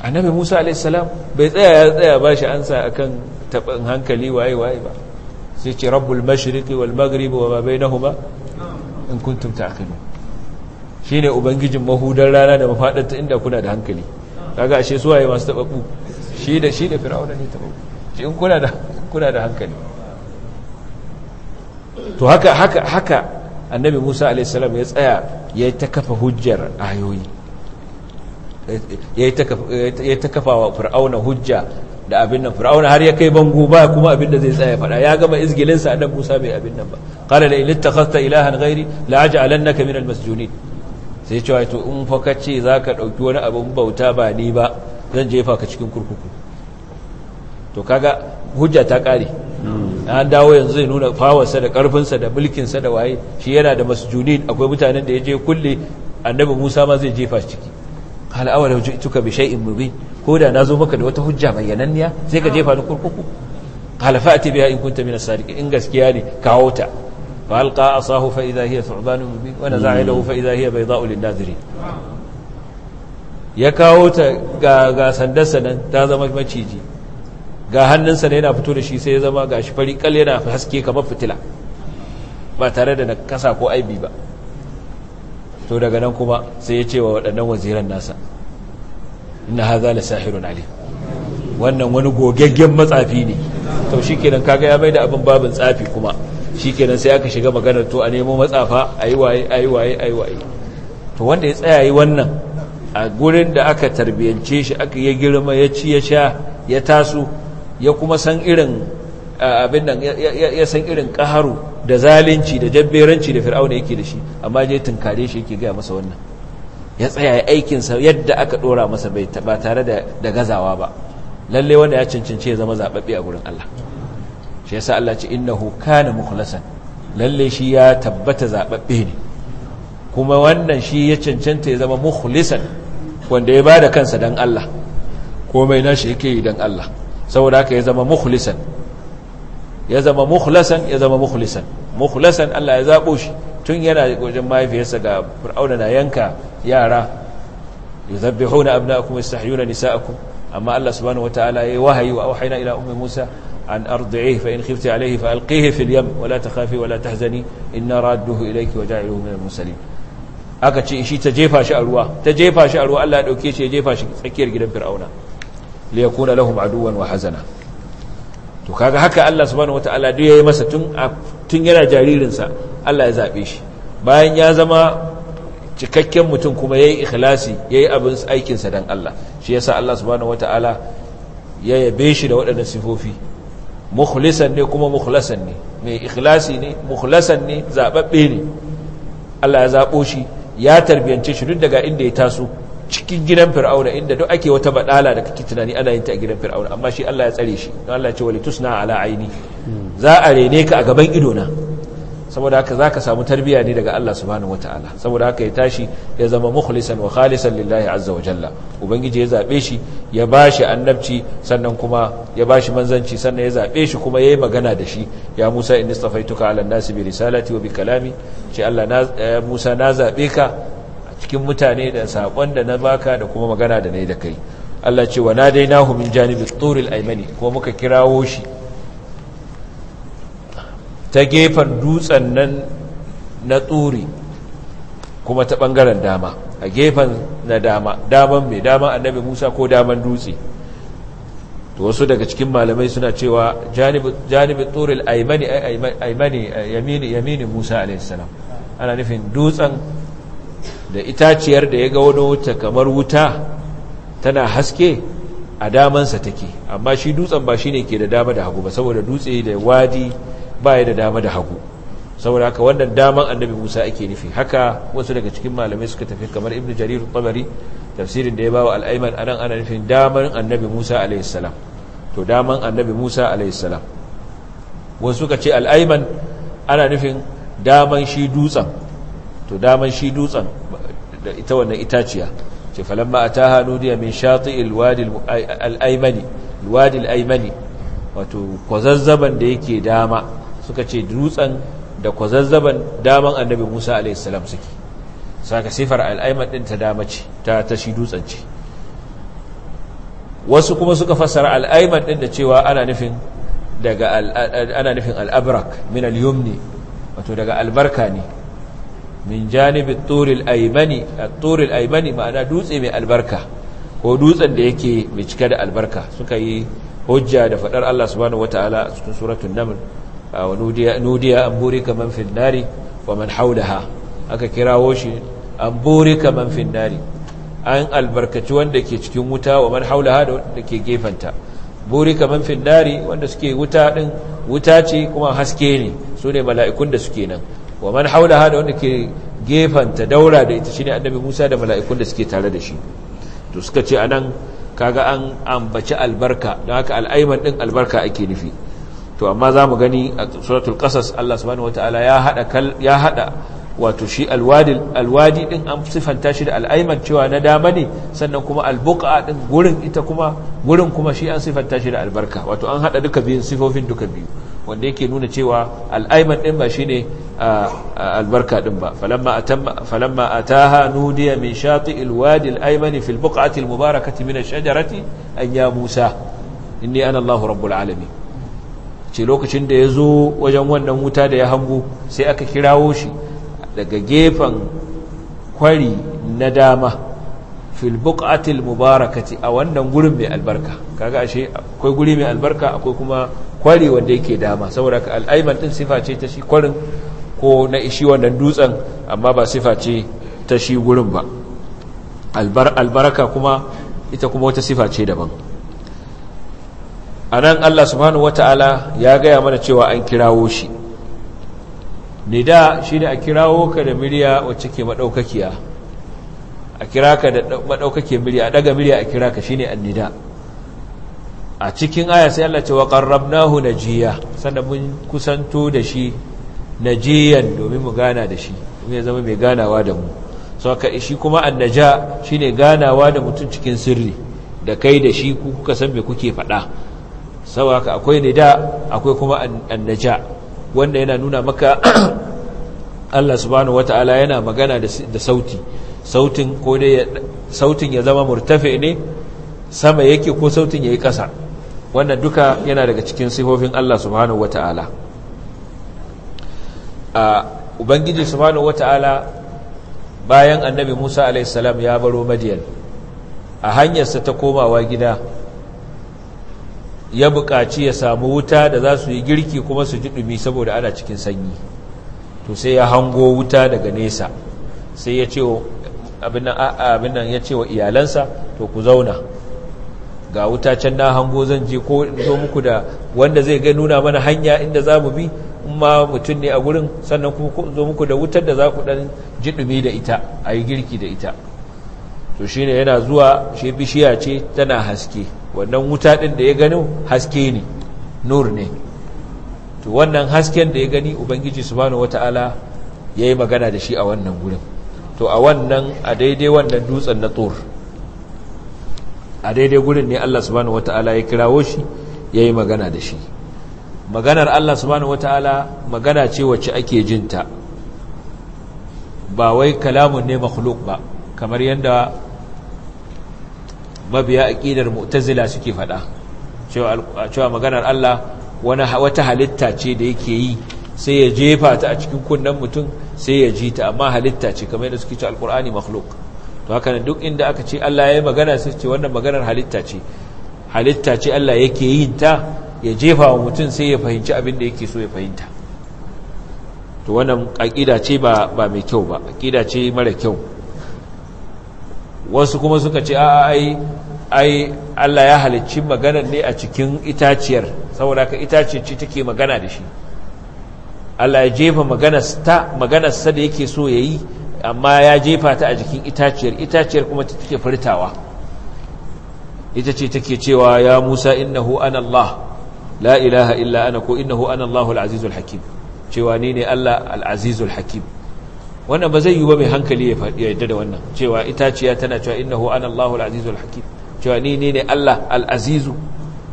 annabi Musa alayhi salam bai tsaya ya tsaya ba shi ansa akan taɓin hankali waye waye ba sai ce rabbul mashriqi wal maghribi wa ma bainahuma in kuntum ta'qilun shi ne ubangijin mahudar rana da mafaɗarta inda kuna da hankali kaga ashe suwaye masu taɓaɓɓu shi da shi da fir'auna ne taɓaɓɓu in kuna da kuna da hankali to haka haka haka annabi musa alaihissalam ya tsaya ya yi ta kafa hujjar ayoyi ya yi ta kafa wa fir'auna hujja da abin nan fir'auna har ya kai bango ba kuma abin da zai tsaya faɗa ya gama izgilinsa annabi musa bai abin nan ba qala la in ittakhadhta ilahan ghairi la aj'alannaka min al-masjunin sai cewa to in fa ka ce za ka ɗauki wani abin bauta ba ni ba zan jefa ka cikin kurkuku to kaga hujja ta kare. Hmm. an dawo yanzu zai nuna fawarsa da ƙarfinsa da mulkinsa da waye shi yana da masjuni akwai mutanen da ya je kulle annabi musa ma zai jefa ciki hal'awar hujji tuka bi shay'in mubin ko da na zo maka da wata hujja bayyananniya sai ka jefa ni kurkuku halafa ta biya in kunta mina sadiqin in gaskiya ne kawo ta فألقى أصاه فإذا هي ثعبان مبين ونزع له فإذا هي بيضاء للناذرين ya kawo ta ga sandarsa ta zama maciji ga hannunsa ne yana fito da shi sai ya zama ga shi fari kal yana haske kamar fitila ba tare da kasa ko aibi ba to daga nan kuma sai ya ce wa waɗannan waziran nasa ina haza la sahirun ali wannan wani gogaggen matsafi ne to shi kenan kaga ya mai da abin babin tsafi kuma shi kenan sai aka shiga maganar to a nemo matsafa ayi waye ayi waye ayi waye to wanda ya tsaya yi wannan a gurin da aka tarbiyance shi aka yi girma ya ci ya sha ya taso ya kuma san irin abin nan ya san irin kaharu da zalunci da jabberanci da fir'auna yake da shi amma je tunkare shi yake gaya masa wannan ya tsaya ya aikinsa yadda aka dora masa bai ba tare da gazawa ba lalle wanda ya cancanci ya zama zaɓaɓɓe a gurin Allah shi yasa Allah ce innahu kana mukhlasan lalle shi ya tabbata zaɓaɓɓe ne kuma wannan shi ya cancanta ya zama mukhlisan wanda ya bada kansa dan Allah komai nashi yake yi dan Allah saboda haka ya zama mukhlisan ya zama mukhlasan ya zama mukhlisan mukhlasan Allah ya zabo shi tun yana wajen mahaifiyarsa ga fir'auna na yanka yara yuzabbihuna abna'akum yastahyuna nisa'akum amma Allah subhanahu wataala yayi wahayi wa auhayna ila ummi Musa عن أرضعه فإن خفت عليه فألقيه في اليم ولا تخافي ولا تحزني إن رادوه إليك وجاعله من المرسلين aka ce shi ta jefa shi a ruwa ta jefa shi a ruwa Allah ya dauke shi ya jefa shi tsakiyar gidan fir'auna li yakuna lahum aduwan wa hazana to kaga haka Allah subhanahu wataala duk yayi masa tun tun yana jaririn sa Allah ya zabe shi bayan ya zama cikakken mutum kuma yayi ikhlasi yayi abin aikin sa dan Allah shi yasa Allah subhanahu wataala ya yabe shi da waɗannan sifofi mukhlisan ne kuma mukhlasan ne mai ikhlasi ne mukhlasan ne zababbe ne Allah ya zabo shi ya tarbiyance shi duk daga inda ya taso cikin gidan fir'auna inda duk ake wata badala da kake tunani ana yin ta a gidan fir'auna amma shi Allah ya tsare shi don Allah ya ce walitusna ala aini hmm. za a rene ka a gaban idona saboda haka zaka samu tarbiya ne daga Allah subhanahu ta'ala saboda haka ya tashi ya zama mukhlisan wa khalisan lillahi azza wa jalla ubangiji ya zaɓe shi ya bashi annabci sannan kuma ya bashi manzanci sannan ya zaɓe shi kuma ya yi magana da shi ya Musa inni stafaituka ala nasi bi risalati wa bi kalami ce Allah na Musa na zaɓe ka cikin mutane da saƙon da na baka da kuma magana da yi da kai Allah ce wa nadainahu min janibi turil aymani kuma muka kirawo shi ta gefen dutsen nan na tsuri kuma ta ɓangaren dama a gefen na dama daman mai daman annabi musa ko daman dutse to wasu daga cikin malamai suna cewa janibin tsoril aimani yamini yamini musa alaihissalam ana nufin dutsen da itaciyar da ya ga wani wuta kamar wuta tana haske a damansa take amma shi dutsen ba shi ne ke da dama da hagu ba saboda dutse da wadi ba ya da dama da hagu saboda haka wannan daman annabi musa ake nufi haka wasu daga cikin malamai suka tafi kamar ibn jarir tabari tafsirin da ya bawa al'aiman anan ana nufin daman annabi musa alaihissalam to daman annabi musa alaihissalam wasu suka ce al'aiman ana nufin daman shi dutsen to daman shi dutsen da ita wannan itaciya ce falamma ataha nudiya min shati'il wadi al-aymani al-wadi al-aymani wato kwazazzaban da yake dama suka ce dutsen da kwazazzaban daman annabi musa alaihissalam suke saka sifar al'aiman ɗin ta dama ce ta tashi dutsen ce wasu kuma suka fassara al'aiman ɗin da cewa ana nufin daga ana nufin al'abrak min al wato daga albarka ne min janibi turil aimani ma'ana dutse mai albarka ko dutsen da yake mai cika da albarka suka yi hujja da faɗar Allah subhanahu wataala cikin suratun naml nudiya an burika man fin nari wa man haulaha aka kirawo shi an burika man fin nari an albarkaci wanda ke cikin wuta wa man haulaha da wanda ke gefanta burika man fin nari wanda suke wuta din wuta ce kuma haske ne su ne mala'ikun da suke nan wa man haulaha da wanda ke gefanta daura da ita shi ne annabi Musa da mala'ikun da suke tare da shi to suka ce a nan kaga an ambaci albarka don haka al'aiman din albarka ake nufi to amma za mu gani a suratul qasas Allah subhanahu wataala ya ya haɗa wato shi alwadi ɗin an sifanta shi da al'aiman cewa na dama ne sannan kuma albuqa ɗin gurin ita kuma gurin kuma shi an sifanta shi da albarka wato an haɗa duka biyun sifofin duka biyu wanda yake nuna cewa al'aiman ɗin ba shine albarka ɗin ba falamma a taha nudiya min shati alwadi al'aiman fi albuqati almubarakati min shajarati an ya musa inni ana Allahu rabbul alamin ce lokacin da ya zo wajen wannan wuta da ya hango sai aka kirawo shi daga gefen kwari na dama fil mubarakati a wannan gurin mai albarka kaga ashe akwai guri mai albarka akwai kuma kwari wanda yake dama saboda ka al'aiman din sifa ce ta shi kwarin ko na ishi wannan dutsen amma ba sifa ce ta shi gurin ba albarka kuma ita kuma wata sifa ce daban a nan allah subhanahu wata'ala ya gaya mana cewa an kirawo shi nida shi ne a kirawo ka da miliya wacce ke maɗaukakiya a kira ka da maɗaukake miliya a ɗaga miliya a kira ka shi ne an nida a cikin aya sai allah cewa ƙarrabnahu na jiya sannan mun kusanto da shi na jiyan domin mu gana da shi ya zama mai ganawa da mu sau ka shi kuma annaja shi ne ganawa da mutum cikin sirri da kai da shi kuka san me kuke faɗa saboda akwai ne da akwai kuma annaja wanda yana nuna maka Allah subhanahu wata'ala yana magana da sauti sautin ko dai sautin ya zama murtafi ne sama yake ko sautin yayi kasa wannan duka yana daga cikin sifofin Allah subhanahu wata'ala a ubangiji subhanahu wata'ala bayan annabi Musa alaihi salam ya baro Madian a hanyarsa ta komawa gida ya buƙaci ya samu wuta da za su yi girki kuma su ji ɗumi saboda ana cikin sanyi to sai ya hango wuta daga nesa sai ya ce wa abin nan ya ce wa iyalansa to ku zauna ga wuta can na hango zan je ko zo muku da wanda zai gai nuna mana hanya inda za mu bi ma mutum ne a gurin sannan kuma zo muku da wutar da za ku ɗan ji ɗumi da ita a yi girki da ita to shi ne yana zuwa shi bishiya ce tana haske wannan wuta ɗin da ya gani haske ne nur ne to wannan hasken da ya gani ubangiji subhanahu wataala yi magana da shi a wannan gurin to a wannan a daidai wannan dutsen na tsor a daidai gurin ne Allah subhanahu wataala ya kirawo shi ya yi magana da shi maganar Allah subhanahu wataala magana ce wacce ake jinta ba wai kalamun ne makhluk ba kamar yadda mabiya aqidar mu'tazila suke faɗa cewa maganar Allah wani wata halitta ce da yake yi sai ya jefa ta a cikin kunnen mutum sai ya ji ta amma halitta ce kamar yadda suke ci alqur'ani makhluk to haka duk inda aka ce Allah ya yi magana sai ce wannan maganar halitta ce halitta ce Allah yake yin ta ya jefa wa mutum sai ya fahimci abin da yake so ya fahimta to wannan aqida ce ba ba mai kyau ba aqida ce mara kyau wasu kuma suka ce a'a ai ai Allah ya halicci maganar ne a cikin itaciyar saboda ka itaciyar ce take magana da shi Allah ya jefa maganarsa da yake so ya yi amma ya jefa ta a jikin itaciyar itaciyar kuma ta take furtawa ita ce take cewa ya musa innahu ana Allah la ilaha illa ana ko innahu ana Allahu al-azizul hakim cewa ni ne Allah al hakim wannan ba zai yi ba mai hankali ya yadda da wannan cewa itaciya tana cewa innahu ana Allahu al-azizul hakim cewa ni ne ne Allah al'azizu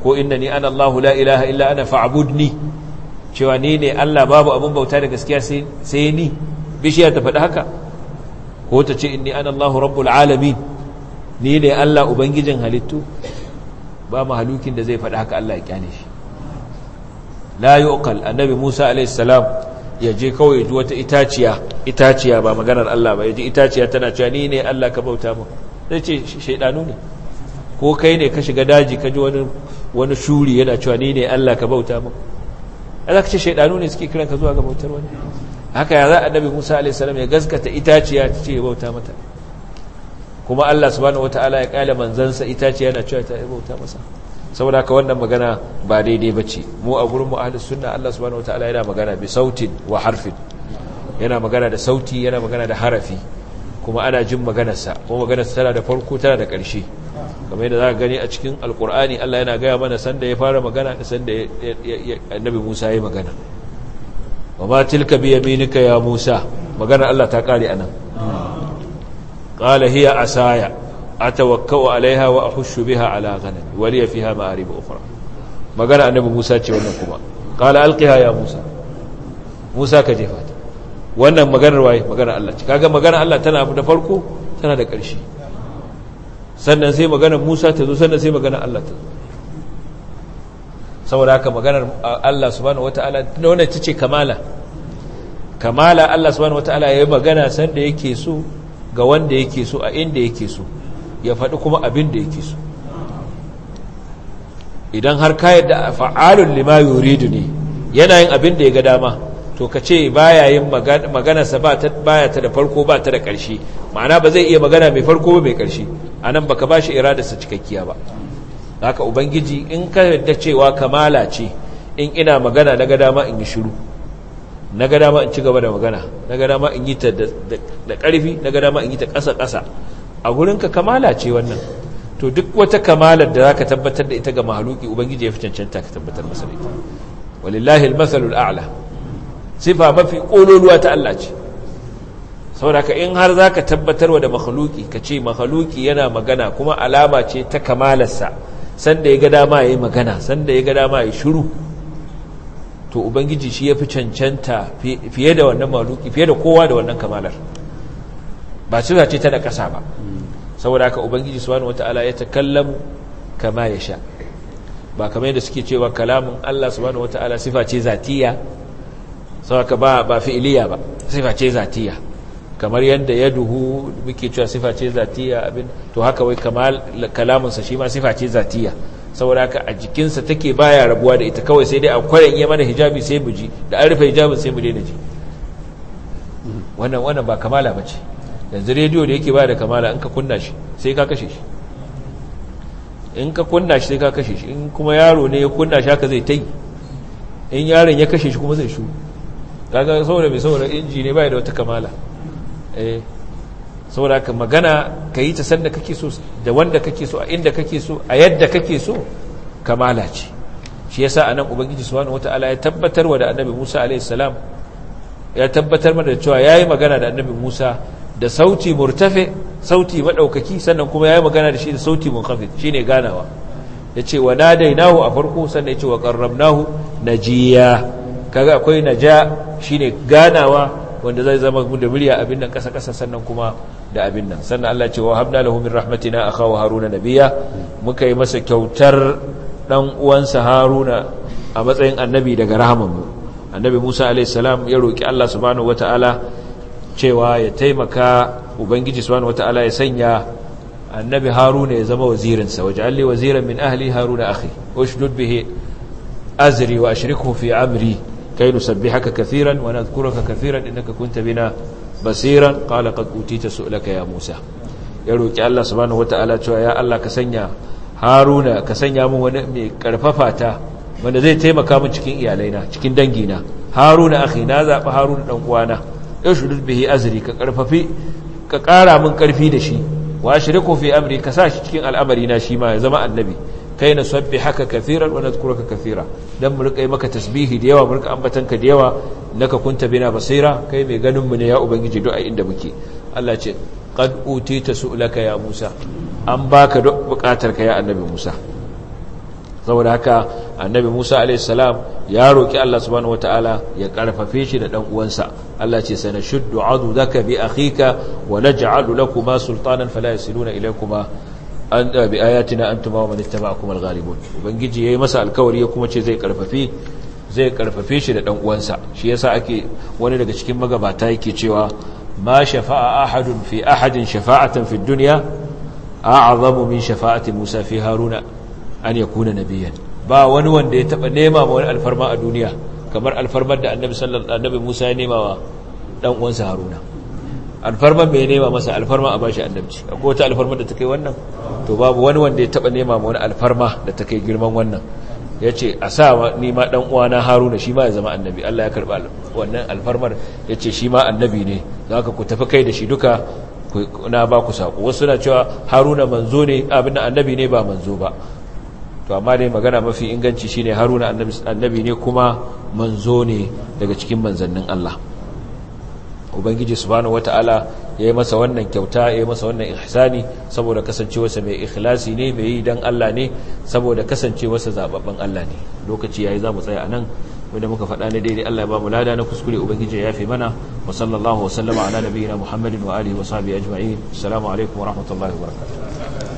ko inda ni ana Allahu la ilaha illa ana fa'abudni cewa ni ne Allah babu abin bauta da gaskiya sai ni bishiyar ta faɗi haka ko ta ce inni ana Allahu rabbul alamin ni ne Allah ubangijin halittu ba mu halukin da zai faɗi haka Allah ya kyale shi la yuqal annabi Musa alayhi salam ya je kawai ji wata itaciya itaciya ba maganar Allah ba ya ji itaciya tana cewa ni ne Allah ka bauta mu zai ce shaidanu ne ko kai ne ka shiga daji ka ji wani wani shuri yana cewa ni ne Allah ka bauta mu Allah ka ce shaydanu ne suke kiran ka zuwa ga bautar wani haka ya za annabi Musa alaihi salam ya gaskata itaciya ta ce bauta mata kuma Allah subhanahu wataala ya kala manzansa itaciya yana cewa ta bauta masa saboda haka wannan magana ba daidai bace mu a gurin mu ahlus sunna Allah subhanahu wataala yana magana bi sautin wa harfin yana magana da sauti yana magana da harafi kuma ana jin maganarsa kuma maganarsa tana da farko tana da ƙarshe game da za ka gani a cikin alkur'ani Allah yana gaya mana sanda ya fara magana da sanda annabi Musa ya magana wa ma tilka bi yaminika ya Musa magana Allah ta kare anan qala hiya asaya atawakkau alaiha wa ahushu biha ala ghanami wa li fiha ma'arib ukhra magana annabi Musa ce wannan kuma qala alqiha ya Musa Musa ka jefa ta wannan maganar waye magana Allah ce kaga magana Allah tana da farko tana da ƙarshe sannan sai maganar Musa ta zo sannan sai maganar Allah ta zo saboda haka maganar Allah subhanahu wataala da wannan tace kamala kamala Allah subhanahu wataala yi magana sanda yake so ga wanda yake so a inda yake so ya faɗi kuma abin da yake so idan har ka yadda fa'alun lima yuridu ne yana yin abin da ya ga dama to ka ce baya yin ba baya ta da farko ba ta da ƙarshe ma'ana ba zai iya magana mai farko ba mai ƙarshe a nan ba ka ba shi iradarsa cikakkiya ba haka ubangiji in ka yadda cewa kamala ce in ina magana na ga dama in yi shiru na ga dama in ci gaba da magana na ga dama in yi ta da ƙarfi na ga dama in yi ta ƙasa-ƙasa a gurinka kamala ce wannan to duk wata kamalar da za ka tabbatar da ita ga mahaluki ubangiji ya fi cancanta ka tabbatar masa da ita walillahi almasalul a'la sifa mafi ƙololuwa ta Allah ce saboda in har za ka tabbatarwa da mahaluki ka ce mahaluki yana magana kuma alama ce ta kamalarsa sanda ya ga dama ya yi magana sanda ya ga dama ya shiru to ubangiji shi ya fi cancanta fiye da wannan mahaluki fiye da kowa da wannan kamalar ba sifa ce ta da ƙasa ba saboda haka ubangiji subhanahu wataala ya takallamu kama ya sha ba kamar yadda suke cewa kalamin Allah subhanahu wataala sifa ce zatiya sauraka ba ba fi'iliya ba sifa ce zatiya kamar yadda ya duhu muke cewa sifa ce zatiya abin to haka wai kamal kalamunsa shi ma sifa ce zatiya saboda haka a jikinsa take baya rabuwa da ita kawai sai dai a kwarin yi mana hijabi sai mu ji da an rufe hijabin sai mu daina ji wannan wannan ba kamala ba ce yanzu rediyo da yake baya da kamala in ka kunna shi sai ka kashe shi in ka kunna shi sai ka kashe shi in kuma yaro ne ya kunna shi haka zai ta yi in yaron ya kashe shi kuma zai shu. kaga saboda bai saboda inji ne bai da wata kamala eh saboda ka magana ka yi ta sanda kake so da wanda kake so a inda kake so a yadda kake so kamala ce shi yasa anan ubangiji subhanahu wataala ya tabbatar wa da annabi Musa alaihi salam ya tabbatar mana da cewa yayi magana da annabi Musa da sauti murtafe sauti madaukaki sannan kuma yayi magana da shi da sauti munkhafid shine ganawa yace wa nadainahu a farko sannan yace wa qarrabnahu najiya kaga akwai naja shine ganawa wanda zai zama da murya abin nan kasa kasa sannan kuma da abin nan sannan Allah ce wa habna lahu min rahmatina akhahu haruna nabiyya muka yi masa kyautar dan uwansa haruna a matsayin annabi daga rahamanmu annabi Musa alaihi salam ya roki Allah subhanahu wataala cewa ya taimaka ubangiji subhanahu wataala ya sanya annabi haruna ya zama wazirinsa alli waziran min ahli haruna akhi ushdud bihi azri wa ashrikhu fi amri كي نسبحك كثيرا ونذكرك كثيرا إنك كنت بنا بصيرا قال قد أوتيت سؤلك يا موسى يروك الله سبحانه وتعالى يا الله كسنيا haruna ka sanya min wani mai karfafa ta wanda zai taimaka mun cikin iyalaina cikin dangina haruna akhi na zaɓi haruna ɗan uwana yau shudur bihi azri ka karfafi ka karfi da shi wa shirku cikin al'amari na shi ma ya zama annabi kai na sabbi haka kafiran wa kafira kathira dan mu rika maka tasbihi da yawa mu rika ambatanka da yawa ka kunta bina basira kai mai ganin mu ne ya ubangiji do'a inda muke Allah ce qad utita su'laka ya Musa an baka duk bukatarka ya annabi Musa saboda haka annabi Musa a.s. ya roƙi Allah subhanahu wata'ala ya karfafe shi da ɗan uwansa Allah ce sana shuddu adu zaka bi akhika wa naj'alu lakuma sultanan fala yasiluna ilaykuma an bi ayatina antum wa man ittaba'akum al-ghalibun ubangiji yayi masa alkawari ya kuma ce zai karfafe zai karfafe shi da dan uwansa shi yasa ake wani daga cikin magabata yake cewa ma shafa'a ahadun fi ahadin shafa'atan fi dunya a'zamu min shafa'ati Musa fi Haruna an yakuna nabiyyan ba wani wanda ya taba nema ma wani alfarma a duniya kamar alfarmar da annabi sallallahu alaihi Musa ya nema wa dan uwansa Haruna me mai nema masa alfarma a bashi annabci akwai wata alfarma da ta kai wannan to babu wani wanda ya taba nema ma wani alfarma da ta kai girman wannan ya ce a sa ni ma dan uwana haruna shi ma ya zama annabi Allah ya karba wannan alfarmar ya ce shi ma annabi ne za ka ku tafi kai da shi duka na ba ku saƙo wasu na cewa haruna manzo ne abin annabi ne ba manzo ba to amma dai magana mafi inganci shine haruna annabi ne kuma manzo ne daga cikin manzannin Allah ubangiji subhanahu ya yayi masa wannan kyauta ya yayi masa wannan ihsani saboda kasancewarsa mai ikhlasi ne mai yi dan Allah ne saboda kasancewarsa zababban Allah ne lokaci yayi mu tsaya anan wanda muka faɗa ne daidai Allah ya ba mu lada na kuskure ubangiji ya fi mana wa sallallahu wa ala nabiyina muhammadin wa alihi wa sahbihi ajma'in assalamu alaikum wa rahmatullahi wa barakatuh